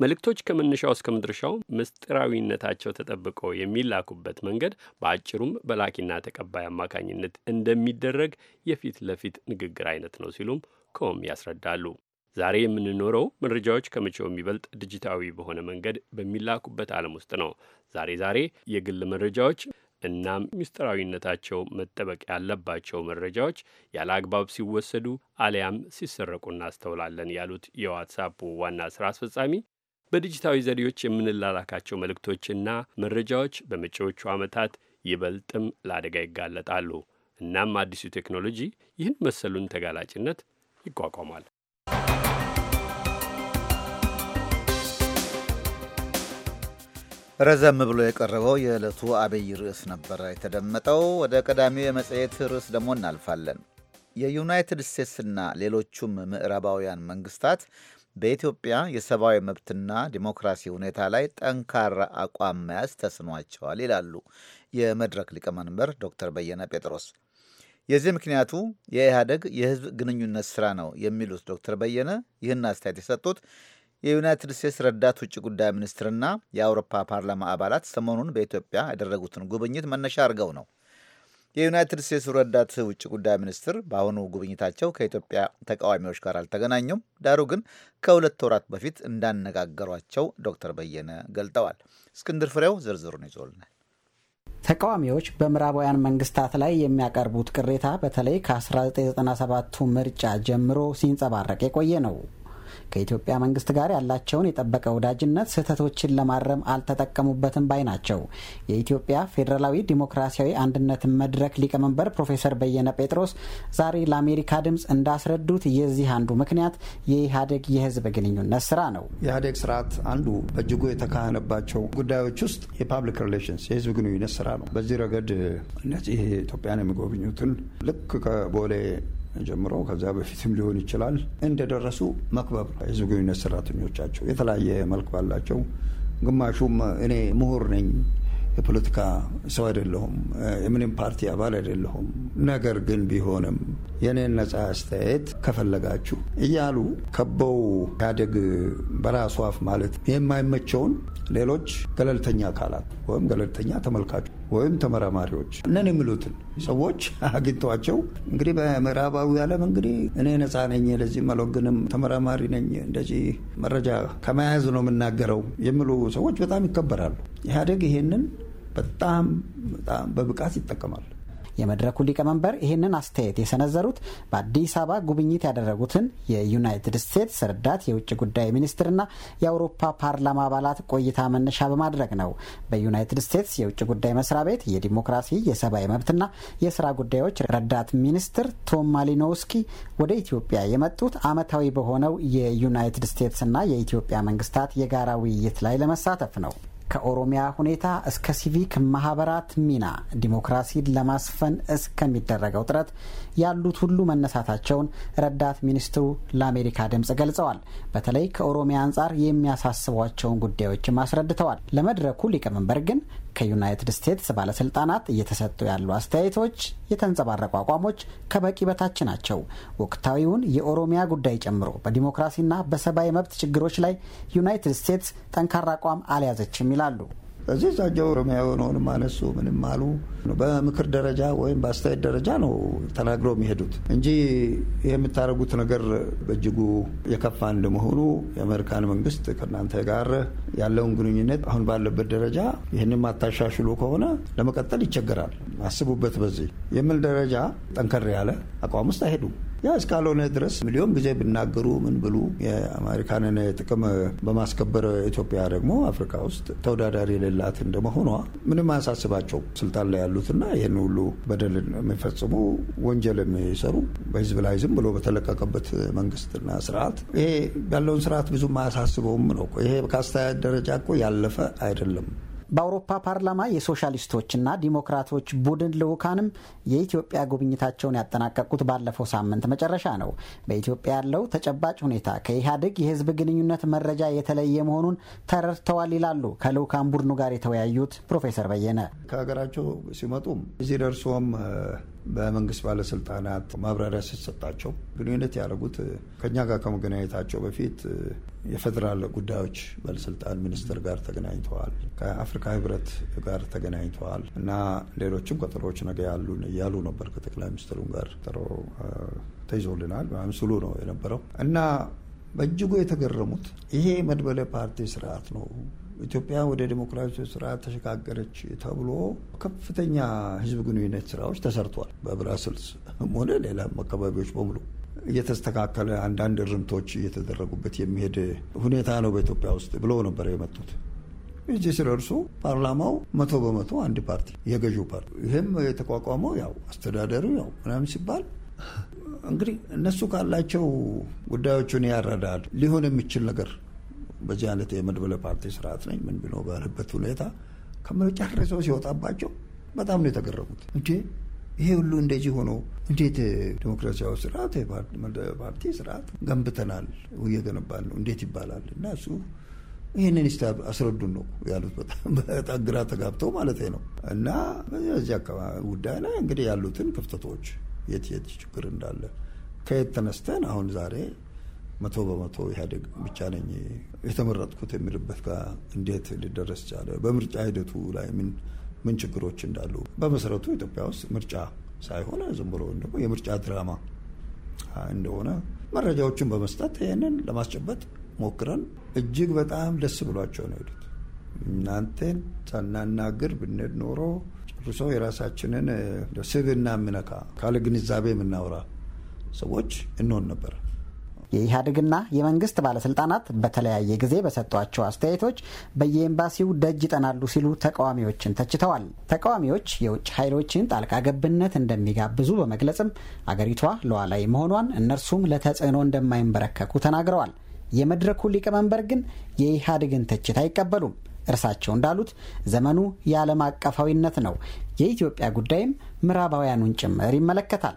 መልእክቶች ከመነሻው እስከ መድረሻው ምስጢራዊነታቸው ተጠብቆ የሚላኩበት መንገድ በአጭሩም በላኪና ተቀባይ አማካኝነት እንደሚደረግ የፊት ለፊት ንግግር አይነት ነው ሲሉም ከም ያስረዳሉ። ዛሬ የምንኖረው መረጃዎች ከመቼው የሚበልጥ ዲጂታዊ በሆነ መንገድ በሚላኩበት ዓለም ውስጥ ነው። ዛሬ ዛሬ የግል መረጃዎች እናም ምስጢራዊነታቸው መጠበቅ ያለባቸው መረጃዎች ያለ አግባብ ሲወሰዱ አሊያም ሲሰረቁ እናስተውላለን ያሉት የዋትሳፕ ዋና ስራ አስፈጻሚ በዲጂታዊ ዘዴዎች የምንላላካቸው መልእክቶችና መረጃዎች በመጪዎቹ ዓመታት ይበልጥም ለአደጋ ይጋለጣሉ። እናም አዲሱ ቴክኖሎጂ ይህን መሰሉን ተጋላጭነት ይቋቋማል። ረዘም ብሎ የቀረበው የዕለቱ አብይ ርዕስ ነበረ የተደመጠው። ወደ ቀዳሚው የመጽሔት ርዕስ ደግሞ እናልፋለን። የዩናይትድ ስቴትስና ሌሎቹም ምዕራባውያን መንግስታት በኢትዮጵያ የሰብአዊ መብትና ዲሞክራሲ ሁኔታ ላይ ጠንካራ አቋም መያዝ ተስኗቸዋል ይላሉ የመድረክ ሊቀመንበር ዶክተር በየነ ጴጥሮስ። የዚህ ምክንያቱ የኢህአደግ የህዝብ ግንኙነት ስራ ነው የሚሉት ዶክተር በየነ ይህን አስተያየት የሰጡት የዩናይትድ ስቴትስ ረዳት ውጭ ጉዳይ ሚኒስትርና የአውሮፓ ፓርላማ አባላት ሰሞኑን በኢትዮጵያ ያደረጉትን ጉብኝት መነሻ አድርገው ነው። የዩናይትድ ስቴትስ ረዳት ውጭ ጉዳይ ሚኒስትር በአሁኑ ጉብኝታቸው ከኢትዮጵያ ተቃዋሚዎች ጋር አልተገናኙም። ዳሩ ግን ከሁለት ወራት በፊት እንዳነጋገሯቸው ዶክተር በየነ ገልጠዋል። እስክንድር ፍሬው ዝርዝሩን ይዞልናል። ተቃዋሚዎች በምዕራባውያን መንግስታት ላይ የሚያቀርቡት ቅሬታ በተለይ ከ1997ቱ ምርጫ ጀምሮ ሲንጸባረቅ የቆየ ነው። ከኢትዮጵያ መንግስት ጋር ያላቸውን የጠበቀ ወዳጅነት ስህተቶችን ለማረም አልተጠቀሙበትም ባይ ናቸው። የኢትዮጵያ ፌዴራላዊ ዲሞክራሲያዊ አንድነት መድረክ ሊቀመንበር ፕሮፌሰር በየነ ጴጥሮስ ዛሬ ለአሜሪካ ድምፅ እንዳስረዱት የዚህ አንዱ ምክንያት የኢህአዴግ የህዝብ ግንኙነት ስራ ነው። የኢህአዴግ ስርዓት አንዱ በእጅጉ የተካሄነባቸው ጉዳዮች ውስጥ የፓብሊክ ሪሌሽንስ የህዝብ ግንኙነት ስራ ነው። በዚህ ረገድ እነዚህ ኢትዮጵያን የሚጎብኙትን ልክ ከቦሌ ጀምሮ ከዚያ በፊትም ሊሆን ይችላል እንደደረሱ መክበብ የህዝብ ግንኙነት ሰራተኞቻቸው የተለያየ መልክ ባላቸው ግማሹም እኔ ምሁር ነኝ የፖለቲካ ሰው አይደለሁም፣ የምንም ፓርቲ አባል አይደለሁም፣ ነገር ግን ቢሆንም የኔን ነጻ አስተያየት ከፈለጋችሁ እያሉ ከበው ያደግ በራሱ አፍ ማለት የማይመቸውን ሌሎች ገለልተኛ አካላት ወይም ገለልተኛ ተመልካቹ ወይም ተመራማሪዎች ነን የሚሉትን ሰዎች አግኝተዋቸው እንግዲህ በምዕራባዊ ዓለም እንግዲህ እኔ ነፃ ነኝ፣ ለዚህ መሎግንም ተመራማሪ ነኝ፣ እንደዚህ መረጃ ከመያዝ ነው የምናገረው የሚሉ ሰዎች በጣም ይከበራሉ። ኢህአዴግ ይሄንን በጣም በጣም በብቃት ይጠቀማል። የመድረኩ ሊቀመንበር ይህንን አስተያየት የሰነዘሩት በአዲስ አበባ ጉብኝት ያደረጉትን የዩናይትድ ስቴትስ ረዳት የውጭ ጉዳይ ሚኒስትርና የአውሮፓ ፓርላማ አባላት ቆይታ መነሻ በማድረግ ነው። በዩናይትድ ስቴትስ የውጭ ጉዳይ መስሪያ ቤት የዲሞክራሲ የሰብአዊ መብትና የስራ ጉዳዮች ረዳት ሚኒስትር ቶም ማሊኖውስኪ ወደ ኢትዮጵያ የመጡት ዓመታዊ በሆነው የዩናይትድ ስቴትስና የኢትዮጵያ መንግስታት የጋራ ውይይት ላይ ለመሳተፍ ነው። ከኦሮሚያ ሁኔታ እስከ ሲቪክ ማህበራት ሚና ዲሞክራሲን ለማስፈን እስከሚደረገው ጥረት ያሉት ሁሉ መነሳታቸውን ረዳት ሚኒስትሩ ለአሜሪካ ድምፅ ገልጸዋል። በተለይ ከኦሮሚያ አንጻር የሚያሳስቧቸውን ጉዳዮችም አስረድተዋል። ለመድረኩ ሊቀመንበር ግን ከዩናይትድ ስቴትስ ባለስልጣናት እየተሰጡ ያሉ አስተያየቶች፣ የተንጸባረቁ አቋሞች ከበቂ በታች ናቸው። ወቅታዊውን የኦሮሚያ ጉዳይ ጨምሮ በዲሞክራሲና በሰብአዊ መብት ችግሮች ላይ ዩናይትድ ስቴትስ ጠንካራ አቋም አልያዘችም ይላሉ። እዚህ እዛቸው ኦሮሚያ የሆነውንም አነሱ ምንም አሉ። በምክር ደረጃ ወይም በአስተያየት ደረጃ ነው ተናግረው የሚሄዱት እንጂ የምታደርጉት ነገር በእጅጉ የከፋ እንደመሆኑ የአሜሪካን መንግስት ከእናንተ ጋር ያለውን ግንኙነት አሁን ባለበት ደረጃ ይህንም አታሻሽሉ ከሆነ ለመቀጠል ይቸገራል፣ አስቡበት በዚህ የሚል ደረጃ ጠንከር ያለ አቋም ውስጥ አይሄዱም። ያ እስካልሆነ ድረስ ሚሊዮን ጊዜ ብናገሩ ምን ብሉ የአሜሪካንን ጥቅም በማስከበር ኢትዮጵያ ደግሞ አፍሪካ ውስጥ ተወዳዳሪ የሌላት እንደመሆኗ ምንም አያሳስባቸው ስልጣን ላይ ያሉትና ይህን ሁሉ በደል የሚፈጽሙ ወንጀል የሚሰሩ በህዝብ ላይ ዝም ብሎ በተለቀቀበት መንግስትና ስርዓት ይሄ ያለውን ስርዓት ብዙም አያሳስበውም ነው። ይሄ ከአስተያየት ደረጃ እኮ ያለፈ አይደለም። በአውሮፓ ፓርላማ የሶሻሊስቶችና ዲሞክራቶች ቡድን ልዑካንም የኢትዮጵያ ጉብኝታቸውን ያጠናቀቁት ባለፈው ሳምንት መጨረሻ ነው። በኢትዮጵያ ያለው ተጨባጭ ሁኔታ ከኢህአዴግ የህዝብ ግንኙነት መረጃ የተለየ መሆኑን ተረድተዋል ይላሉ ከልዑካን ቡድኑ ጋር የተወያዩት ፕሮፌሰር በየነ። ከሀገራቸው ሲመጡም እዚህ ደርሶም በመንግስት ባለስልጣናት ማብራሪያ ሲሰጣቸው ግንኙነት ያደረጉት ከእኛ ጋር ከመገናኘታቸው በፊት የፌዴራል ጉዳዮች ባለስልጣን ሚኒስትር ጋር ተገናኝተዋል፣ ከአፍሪካ ህብረት ጋር ተገናኝተዋል እና ሌሎችም ቀጠሮዎች ነገ ያሉ እያሉ ነበር። ከጠቅላይ ሚኒስትሩን ጋር ቀጠሮ ተይዞልናል ምስሉ ነው የነበረው እና በእጅጉ የተገረሙት ይሄ መድበለ ፓርቲ ስርዓት ነው ኢትዮጵያ ወደ ዴሞክራሲ ስርዓት ተሸጋገረች ተብሎ ከፍተኛ ህዝብ ግንኙነት ስራዎች ተሰርቷል። በብራስልስ ሆነ ሌላም አካባቢዎች በሙሉ እየተስተካከለ አንዳንድ እርምቶች እየተደረጉበት የሚሄድ ሁኔታ ነው በኢትዮጵያ ውስጥ ብሎ ነበር የመጡት እንጂ ስለ እርሱ ፓርላማው መቶ በመቶ አንድ ፓርቲ የገዢው ፓርቲ ይህም የተቋቋመው ያው አስተዳደሩ ያው ምናምን ሲባል እንግዲህ እነሱ ካላቸው ጉዳዮቹን ያረዳል ሊሆን የሚችል ነገር በዚህ አይነት የመድበለ ፓርቲ ስርዓት ነኝ ምን ብሎ ባለበት ሁኔታ ከመጨረሻው ሲወጣባቸው በጣም ነው የተገረሙት እንዴ ይሄ ሁሉ እንደዚህ ሆኖ እንዴት ዲሞክራሲያዊ ስርዓት ፓርቲ ስርዓት ገንብተናል እየገነባን ነው እንዴት ይባላል? እና እሱ ይህንን ስ አስረዱን ነው ያሉት። በጣም ግራ ተጋብተው ማለት ነው። እና በዚህ አካባቢ ጉዳይ ላይ እንግዲህ ያሉትን ክፍተቶች የት የት ችግር እንዳለ ከየት ተነስተን አሁን ዛሬ መቶ በመቶ ኢህአዴግ ብቻ ነኝ የተመረጥኩት የሚልበት ጋር እንዴት ሊደረስ ቻለ? በምርጫ ሂደቱ ላይ ምን ምን ችግሮች እንዳሉ በመሰረቱ ኢትዮጵያ ውስጥ ምርጫ ሳይሆን ዝም ብሎ ደግሞ የምርጫ ድራማ እንደሆነ መረጃዎችን በመስጠት ይህንን ለማስጨበጥ ሞክረን እጅግ በጣም ደስ ብሏቸው ነው ሄዱት። እናንተን ሳናናግር ብንሄድ ኖሮ ጨርሶ የራሳችንን ስብና የምነካ ካለ ግንዛቤ የምናወራ ሰዎች እንሆን ነበር። የኢህአዴግና የመንግስት ባለስልጣናት በተለያየ ጊዜ በሰጧቸው አስተያየቶች በየኤምባሲው ደጅ ይጠናሉ ሲሉ ተቃዋሚዎችን ተችተዋል። ተቃዋሚዎች የውጭ ኃይሎችን ጣልቃ ገብነት እንደሚጋብዙ በመግለጽም አገሪቷ ሉዓላዊ መሆኗን እነርሱም ለተጽዕኖ እንደማይንበረከኩ ተናግረዋል። የመድረኩ ሊቀመንበር ግን የኢህአዴግን ትችት አይቀበሉም። እርሳቸው እንዳሉት ዘመኑ የዓለም አቀፋዊነት ነው፣ የኢትዮጵያ ጉዳይም ምዕራባውያኑን ጭምር ይመለከታል።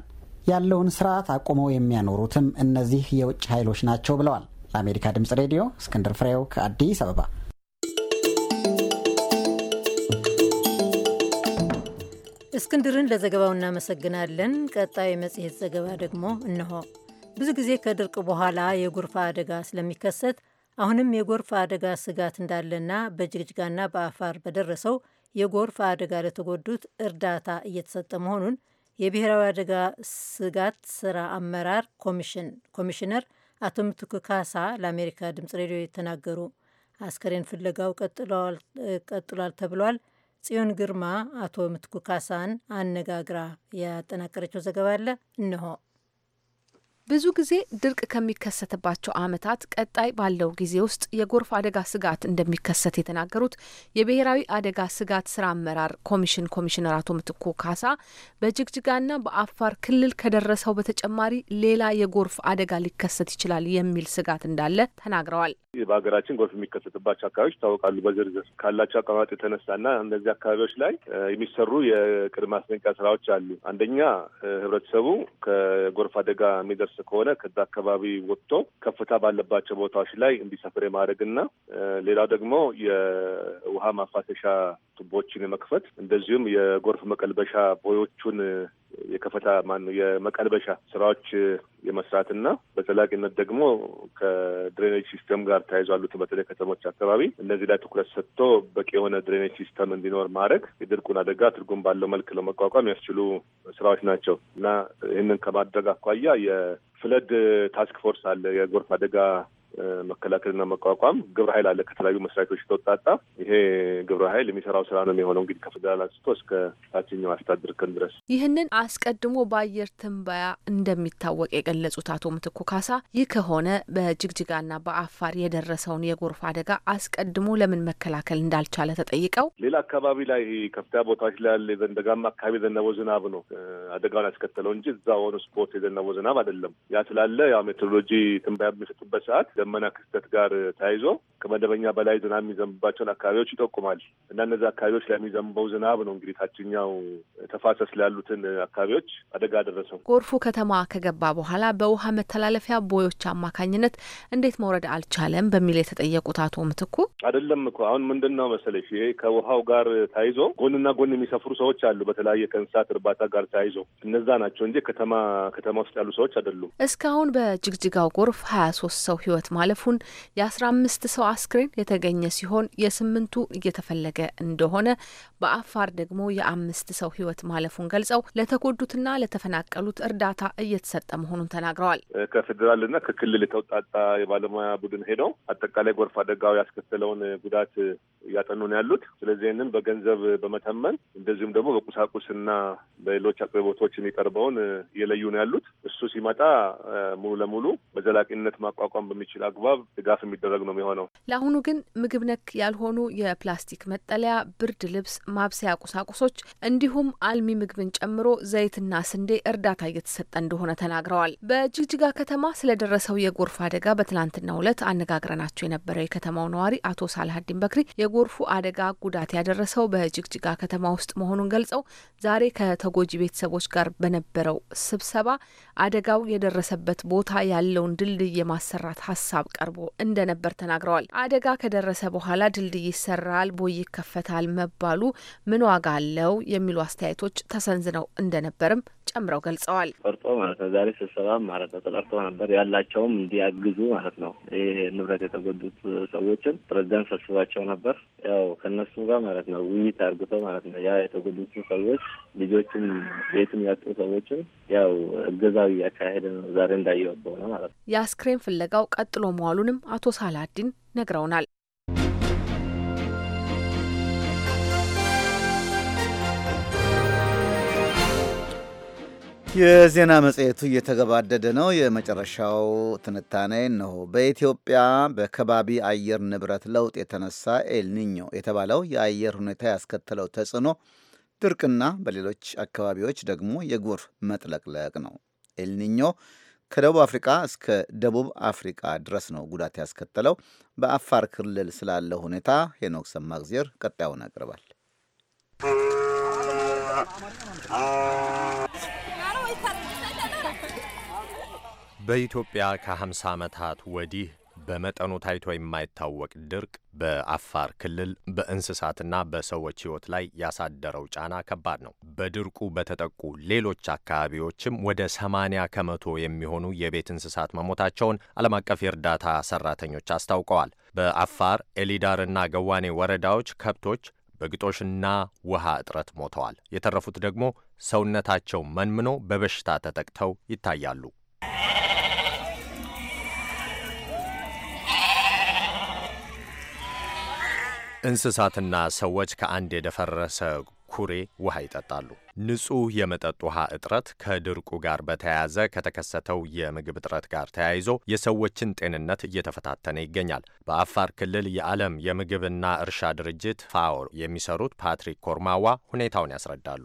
ያለውን ስርዓት አቁመው የሚያኖሩትም እነዚህ የውጭ ኃይሎች ናቸው ብለዋል። ለአሜሪካ ድምጽ ሬዲዮ እስክንድር ፍሬው ከአዲስ አበባ። እስክንድርን ለዘገባው እናመሰግናለን። ቀጣዩ የመጽሔት ዘገባ ደግሞ እነሆ። ብዙ ጊዜ ከድርቅ በኋላ የጎርፍ አደጋ ስለሚከሰት አሁንም የጎርፍ አደጋ ስጋት እንዳለና በጅግጅጋና በአፋር በደረሰው የጎርፍ አደጋ ለተጎዱት እርዳታ እየተሰጠ መሆኑን የብሔራዊ አደጋ ስጋት ስራ አመራር ኮሚሽን ኮሚሽነር አቶ ምትኩ ካሳ ለአሜሪካ ድምጽ ሬዲዮ የተናገሩ። አስከሬን ፍለጋው ቀጥሏል ተብሏል። ጽዮን ግርማ አቶ ምትኩ ካሳን አነጋግራ ያጠናቀረችው ዘገባ አለ እንሆ። ብዙ ጊዜ ድርቅ ከሚከሰትባቸው ዓመታት ቀጣይ ባለው ጊዜ ውስጥ የጎርፍ አደጋ ስጋት እንደሚከሰት የተናገሩት የብሔራዊ አደጋ ስጋት ስራ አመራር ኮሚሽን ኮሚሽነር አቶ ምትኩ ካሳ በጅግጅጋና በአፋር ክልል ከደረሰው በተጨማሪ ሌላ የጎርፍ አደጋ ሊከሰት ይችላል የሚል ስጋት እንዳለ ተናግረዋል። በሀገራችን ጎርፍ የሚከሰትባቸው አካባቢዎች ይታወቃሉ። በዝርዝር ካላቸው አቀማመጥ የተነሳና እነዚህ አካባቢዎች ላይ የሚሰሩ የቅድመ ማስጠንቀቂያ ስራዎች አሉ። አንደኛ ህብረተሰቡ ከጎርፍ አደጋ የሚደርስ ከሆነ ከዛ አካባቢ ወጥቶ ከፍታ ባለባቸው ቦታዎች ላይ እንዲሰፍር የማድረግና ሌላው ደግሞ የውሃ ማፋሰሻ ቱቦችን የመክፈት እንደዚሁም የጎርፍ መቀልበሻ ቦዮቹን የከፈታ ማነው የመቀልበሻ ስራዎች የመስራትና በዘላቂነት ደግሞ ከድሬኔጅ ሲስተም ጋር ተያይዞ ያሉትን በተለይ ከተሞች አካባቢ እነዚህ ላይ ትኩረት ሰጥቶ በቂ የሆነ ድሬኔጅ ሲስተም እንዲኖር ማድረግ የድርቁን አደጋ ትርጉም ባለው መልክ ለመቋቋም የሚያስችሉ ስራዎች ናቸው እና ይህንን ከማድረግ አኳያ የፍለድ ታስክ ፎርስ አለ የጎርፍ አደጋ መከላከልና መቋቋም ግብረ ኃይል አለ ከተለያዩ መስሪያ ቤቶች ተወጣጣ። ይሄ ግብረ ኃይል የሚሰራው ስራ ነው የሚሆነው እንግዲህ ከፌደራል አንስቶ እስከ ታችኛው አስተዳደር ክን ድረስ። ይህንን አስቀድሞ በአየር ትንበያ እንደሚታወቅ የገለጹት አቶ ምትኩ ካሳ ይህ ከሆነ በጅግጅጋና በአፋር የደረሰውን የጎርፍ አደጋ አስቀድሞ ለምን መከላከል እንዳልቻለ ተጠይቀው ሌላ አካባቢ ላይ ከፍታ ቦታዎች ላይ ያለ ዘንደጋማ አካባቢ የዘነበው ዝናብ ነው አደጋውን ያስከተለው እንጂ እዛ ሆኑ ስፖርት የዘነበው ዝናብ አይደለም። ያ ስላለ ያ ሜትሮሎጂ ትንበያ በሚሰጡበት ሰዓት ደመና ክስተት ጋር ተያይዞ ከመደበኛ በላይ ዝናብ የሚዘንብባቸውን አካባቢዎች ይጠቁማል እና እነዚህ አካባቢዎች ላይ የሚዘንበው ዝናብ ነው እንግዲህ ታችኛው ተፋሰስ ላሉትን አካባቢዎች አደጋ ደረሰው። ጎርፉ ከተማ ከገባ በኋላ በውሃ መተላለፊያ ቦዮች አማካኝነት እንዴት መውረድ አልቻለም በሚል የተጠየቁት አቶ ምትኩ አይደለም እኮ አሁን ምንድን ነው መሰለሽ ይሄ ከውሃው ጋር ተያይዞ ጎንና ጎን የሚሰፍሩ ሰዎች አሉ፣ በተለያየ ከእንስሳት እርባታ ጋር ተያይዞ እነዛ ናቸው እንጂ ከተማ ከተማ ውስጥ ያሉ ሰዎች አይደሉም። እስካሁን በጅግጅጋው ጎርፍ ሀያ ሶስት ሰው ህይወት ማለፉን የአስራ አምስት ሰው አስክሬን የተገኘ ሲሆን የስምንቱ እየተፈለገ እንደሆነ፣ በአፋር ደግሞ የአምስት ሰው ህይወት ማለፉን ገልጸው ለተጎዱትና ለተፈናቀሉት እርዳታ እየተሰጠ መሆኑን ተናግረዋል። ከፌዴራልና ከክልል የተውጣጣ የባለሙያ ቡድን ሄደው አጠቃላይ ጎርፍ አደጋው ያስከተለውን ጉዳት እያጠኑ ነው ያሉት። ስለዚህ ይህንን በገንዘብ በመተመን እንደዚሁም ደግሞ በቁሳቁስና በሌሎች አቅርቦቶች የሚቀርበውን እየለዩ ነው ያሉት። እሱ ሲመጣ ሙሉ ለሙሉ በዘላቂነት ማቋቋም በሚችል አግባብ ድጋፍ የሚደረግ ነው የሚሆነው። ለአሁኑ ግን ምግብ ነክ ያልሆኑ የፕላስቲክ መጠለያ፣ ብርድ ልብስ፣ ማብሰያ ቁሳቁሶች እንዲሁም አልሚ ምግብን ጨምሮ ዘይትና ስንዴ እርዳታ እየተሰጠ እንደሆነ ተናግረዋል። በጅግጅጋ ከተማ ስለደረሰው የጎርፍ አደጋ በትላንትናው ዕለት አነጋግረናቸው የነበረው የከተማው ነዋሪ አቶ ሳልሀዲን በክሪ የጎርፉ አደጋ ጉዳት ያደረሰው በጅግጅጋ ከተማ ውስጥ መሆኑን ገልጸው ዛሬ ከተጎጂ ቤተሰቦች ጋር በነበረው ስብሰባ አደጋው የደረሰበት ቦታ ያለውን ድልድይ የማሰራት ሀሳብ ቀርቦ እንደነበር ተናግረዋል። አደጋ ከደረሰ በኋላ ድልድይ ይሰራል፣ ቦይ ይከፈታል መባሉ ምን ዋጋ አለው የሚሉ አስተያየቶች ተሰንዝነው እንደነበርም ጨምረው ገልጸዋል። ቀርጦ ማለት ነው። ዛሬ ስብሰባ ማለት ነው ተጠርቶ ነበር። ያላቸውም እንዲያግዙ ማለት ነው። ይህ ንብረት የተጎዱት ሰዎችን ፕሬዚዳንት ሰብስባቸው ነበር። ያው ከእነሱ ጋር ማለት ነው ውይይት አርግተው ማለት ነው ያ የተጎዱትን ሰዎች ልጆችም ቤትም ያጡ ሰዎችም ያው እገዛዊ ያካሄደ ነው ዛሬ እንዳየወበው ነው ማለት ነው። የአስክሬን ፍለጋው ቀጥሎ መዋሉንም አቶ ሳላዲን ነግረውናል። የዜና መጽሔቱ እየተገባደደ ነው። የመጨረሻው ትንታኔ ነው። በኢትዮጵያ በከባቢ አየር ንብረት ለውጥ የተነሳ ኤልኒኞ የተባለው የአየር ሁኔታ ያስከተለው ተጽዕኖ ድርቅና በሌሎች አካባቢዎች ደግሞ የጎርፍ መጥለቅለቅ ነው። ኤልኒኞ ከደቡብ አፍሪካ እስከ ደቡብ አፍሪካ ድረስ ነው ጉዳት ያስከተለው። በአፋር ክልል ስላለው ሁኔታ ሄኖክ ሰማግዜር ቀጣዩን ያቀርባል። በኢትዮጵያ ከ50 ዓመታት ወዲህ በመጠኑ ታይቶ የማይታወቅ ድርቅ በአፋር ክልል በእንስሳትና በሰዎች ሕይወት ላይ ያሳደረው ጫና ከባድ ነው። በድርቁ በተጠቁ ሌሎች አካባቢዎችም ወደ 80 ከመቶ የሚሆኑ የቤት እንስሳት መሞታቸውን ዓለም አቀፍ የእርዳታ ሰራተኞች አስታውቀዋል። በአፋር ኤሊዳርና ገዋኔ ወረዳዎች ከብቶች በግጦሽና ውሃ እጥረት ሞተዋል። የተረፉት ደግሞ ሰውነታቸው መንምኖ በበሽታ ተጠቅተው ይታያሉ። እንስሳትና ሰዎች ከአንድ የደፈረሰ ኩሬ ውሃ ይጠጣሉ። ንጹህ የመጠጥ ውሃ እጥረት ከድርቁ ጋር በተያያዘ ከተከሰተው የምግብ እጥረት ጋር ተያይዞ የሰዎችን ጤንነት እየተፈታተነ ይገኛል። በአፋር ክልል የዓለም የምግብና እርሻ ድርጅት ፋኦ የሚሰሩት ፓትሪክ ኮርማዋ ሁኔታውን ያስረዳሉ።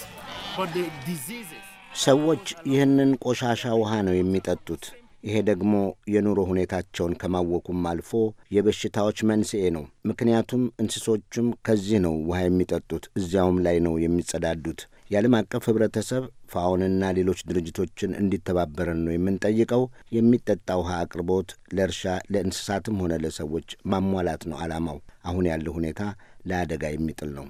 ስ ሰዎች ይህንን ቆሻሻ ውሃ ነው የሚጠጡት። ይሄ ደግሞ የኑሮ ሁኔታቸውን ከማወቁም አልፎ የበሽታዎች መንስኤ ነው። ምክንያቱም እንስሶቹም ከዚህ ነው ውሃ የሚጠጡት፣ እዚያውም ላይ ነው የሚጸዳዱት። የዓለም አቀፍ ኅብረተሰብ ፋኦንና ሌሎች ድርጅቶችን እንዲተባበረን ነው የምንጠይቀው። የሚጠጣ ውሃ አቅርቦት ለእርሻ ለእንስሳትም ሆነ ለሰዎች ማሟላት ነው ዓላማው። አሁን ያለው ሁኔታ ለአደጋ የሚጥል ነው።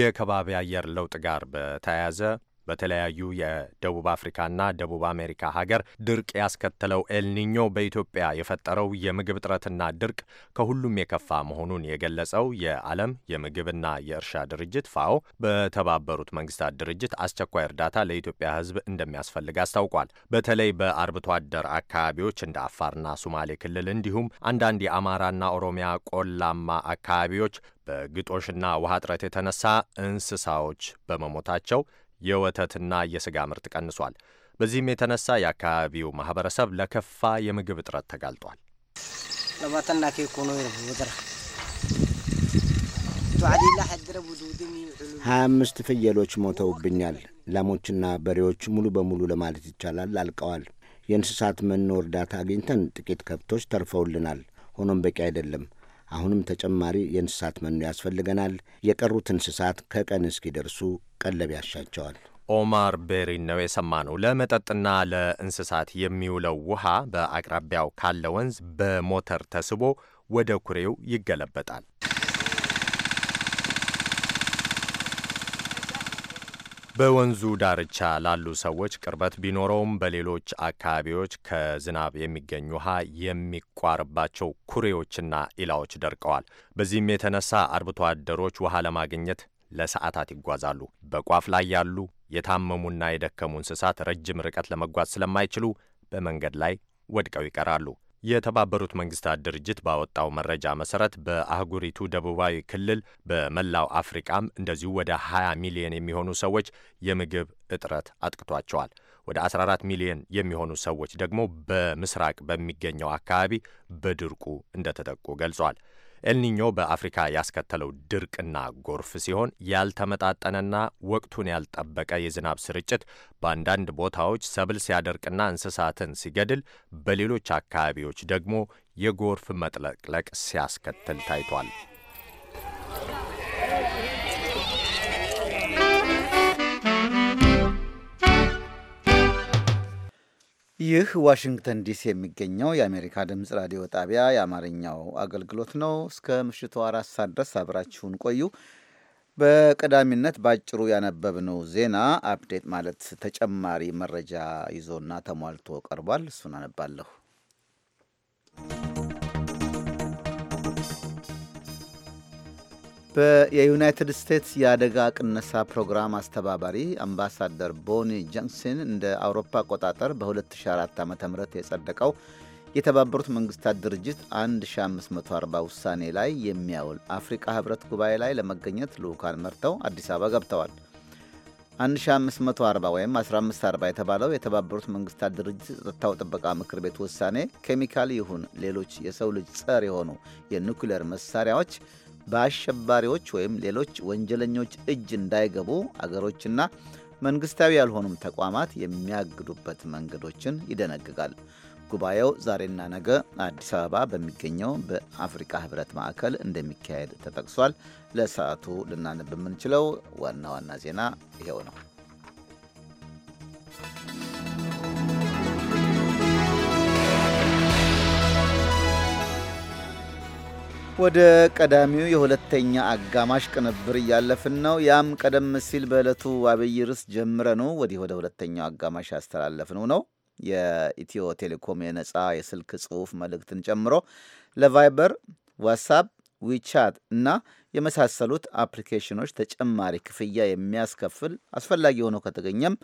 የከባቢ አየር ለውጥ ጋር በተያያዘ በተለያዩ የደቡብ አፍሪካና ደቡብ አሜሪካ ሀገር ድርቅ ያስከተለው ኤልኒኞ በኢትዮጵያ የፈጠረው የምግብ እጥረትና ድርቅ ከሁሉም የከፋ መሆኑን የገለጸው የዓለም የምግብና የእርሻ ድርጅት ፋኦ በተባበሩት መንግስታት ድርጅት አስቸኳይ እርዳታ ለኢትዮጵያ ሕዝብ እንደሚያስፈልግ አስታውቋል። በተለይ በአርብቶ አደር አካባቢዎች እንደ አፋርና ሶማሌ ክልል እንዲሁም አንዳንድ የአማራና ኦሮሚያ ቆላማ አካባቢዎች በግጦሽና ውሃ እጥረት የተነሳ እንስሳዎች በመሞታቸው የወተትና የስጋ ምርት ቀንሷል። በዚህም የተነሳ የአካባቢው ማህበረሰብ ለከፋ የምግብ እጥረት ተጋልጧል። ሀያ አምስት ፍየሎች ሞተውብኛል። ላሞችና በሬዎች ሙሉ በሙሉ ለማለት ይቻላል አልቀዋል። የእንስሳት መኖ እርዳታ አግኝተን ጥቂት ከብቶች ተርፈውልናል። ሆኖም በቂ አይደለም። አሁንም ተጨማሪ የእንስሳት መኖ ያስፈልገናል። የቀሩት እንስሳት ከቀን እስኪደርሱ ቀለብ ያሻቸዋል። ኦማር ቤሪን ነው የሰማነው። ለመጠጥና ለእንስሳት የሚውለው ውሃ በአቅራቢያው ካለ ወንዝ በሞተር ተስቦ ወደ ኩሬው ይገለበጣል። በወንዙ ዳርቻ ላሉ ሰዎች ቅርበት ቢኖረውም በሌሎች አካባቢዎች ከዝናብ የሚገኝ ውሃ የሚቋርባቸው ኩሬዎችና ኢላዎች ደርቀዋል። በዚህም የተነሳ አርብቶ አደሮች ውሃ ለማግኘት ለሰዓታት ይጓዛሉ። በቋፍ ላይ ያሉ የታመሙና የደከሙ እንስሳት ረጅም ርቀት ለመጓዝ ስለማይችሉ በመንገድ ላይ ወድቀው ይቀራሉ። የተባበሩት መንግስታት ድርጅት ባወጣው መረጃ መሰረት በአህጉሪቱ ደቡባዊ ክልል በመላው አፍሪቃም እንደዚሁ ወደ 20 ሚሊዮን የሚሆኑ ሰዎች የምግብ እጥረት አጥቅቷቸዋል። ወደ 14 ሚሊዮን የሚሆኑ ሰዎች ደግሞ በምስራቅ በሚገኘው አካባቢ በድርቁ እንደተጠቁ ገልጿል። ኤልኒኞ በአፍሪካ ያስከተለው ድርቅና ጎርፍ ሲሆን ያልተመጣጠነና ወቅቱን ያልጠበቀ የዝናብ ስርጭት በአንዳንድ ቦታዎች ሰብል ሲያደርቅና እንስሳትን ሲገድል፣ በሌሎች አካባቢዎች ደግሞ የጎርፍ መጥለቅለቅ ሲያስከትል ታይቷል። ይህ ዋሽንግተን ዲሲ የሚገኘው የአሜሪካ ድምፅ ራዲዮ ጣቢያ የአማርኛው አገልግሎት ነው። እስከ ምሽቱ አራት ሰዓት ድረስ አብራችሁን ቆዩ። በቀዳሚነት ባጭሩ ያነበብነው ዜና አፕዴት ማለት ተጨማሪ መረጃ ይዞና ተሟልቶ ቀርቧል። እሱን አነባለሁ። የዩናይትድ ስቴትስ የአደጋ ቅነሳ ፕሮግራም አስተባባሪ አምባሳደር ቦኒ ጆንሰን እንደ አውሮፓ አቆጣጠር በ2004 ዓ ም የጸደቀው የተባበሩት መንግስታት ድርጅት 1540 ውሳኔ ላይ የሚያውል አፍሪቃ ህብረት ጉባኤ ላይ ለመገኘት ልዑካን መርተው አዲስ አበባ ገብተዋል። 1540 ወይም 1540 የተባለው የተባበሩት መንግስታት ድርጅት የጸጥታው ጥበቃ ምክር ቤት ውሳኔ ኬሚካል ይሁን ሌሎች የሰው ልጅ ጸር የሆኑ የኒኩሌር መሳሪያዎች በአሸባሪዎች ወይም ሌሎች ወንጀለኞች እጅ እንዳይገቡ አገሮችና መንግስታዊ ያልሆኑም ተቋማት የሚያግዱበት መንገዶችን ይደነግጋል። ጉባኤው ዛሬና ነገ አዲስ አበባ በሚገኘው በአፍሪካ ህብረት ማዕከል እንደሚካሄድ ተጠቅሷል። ለሰዓቱ ልናነብ የምንችለው ዋና ዋና ዜና ይኸው ነው። ወደ ቀዳሚው የሁለተኛ አጋማሽ ቅንብር እያለፍን ነው። ያም ቀደም ሲል በዕለቱ አብይ ርዕስ ጀምረ ነው ወዲህ ወደ ሁለተኛው አጋማሽ ያስተላለፍነው ነው የኢትዮ ቴሌኮም የነጻ የስልክ ጽሑፍ መልእክትን ጨምሮ ለቫይበር፣ ዋትሳፕ፣ ዊቻት እና የመሳሰሉት አፕሊኬሽኖች ተጨማሪ ክፍያ የሚያስከፍል አስፈላጊ ሆኖ ከተገኘም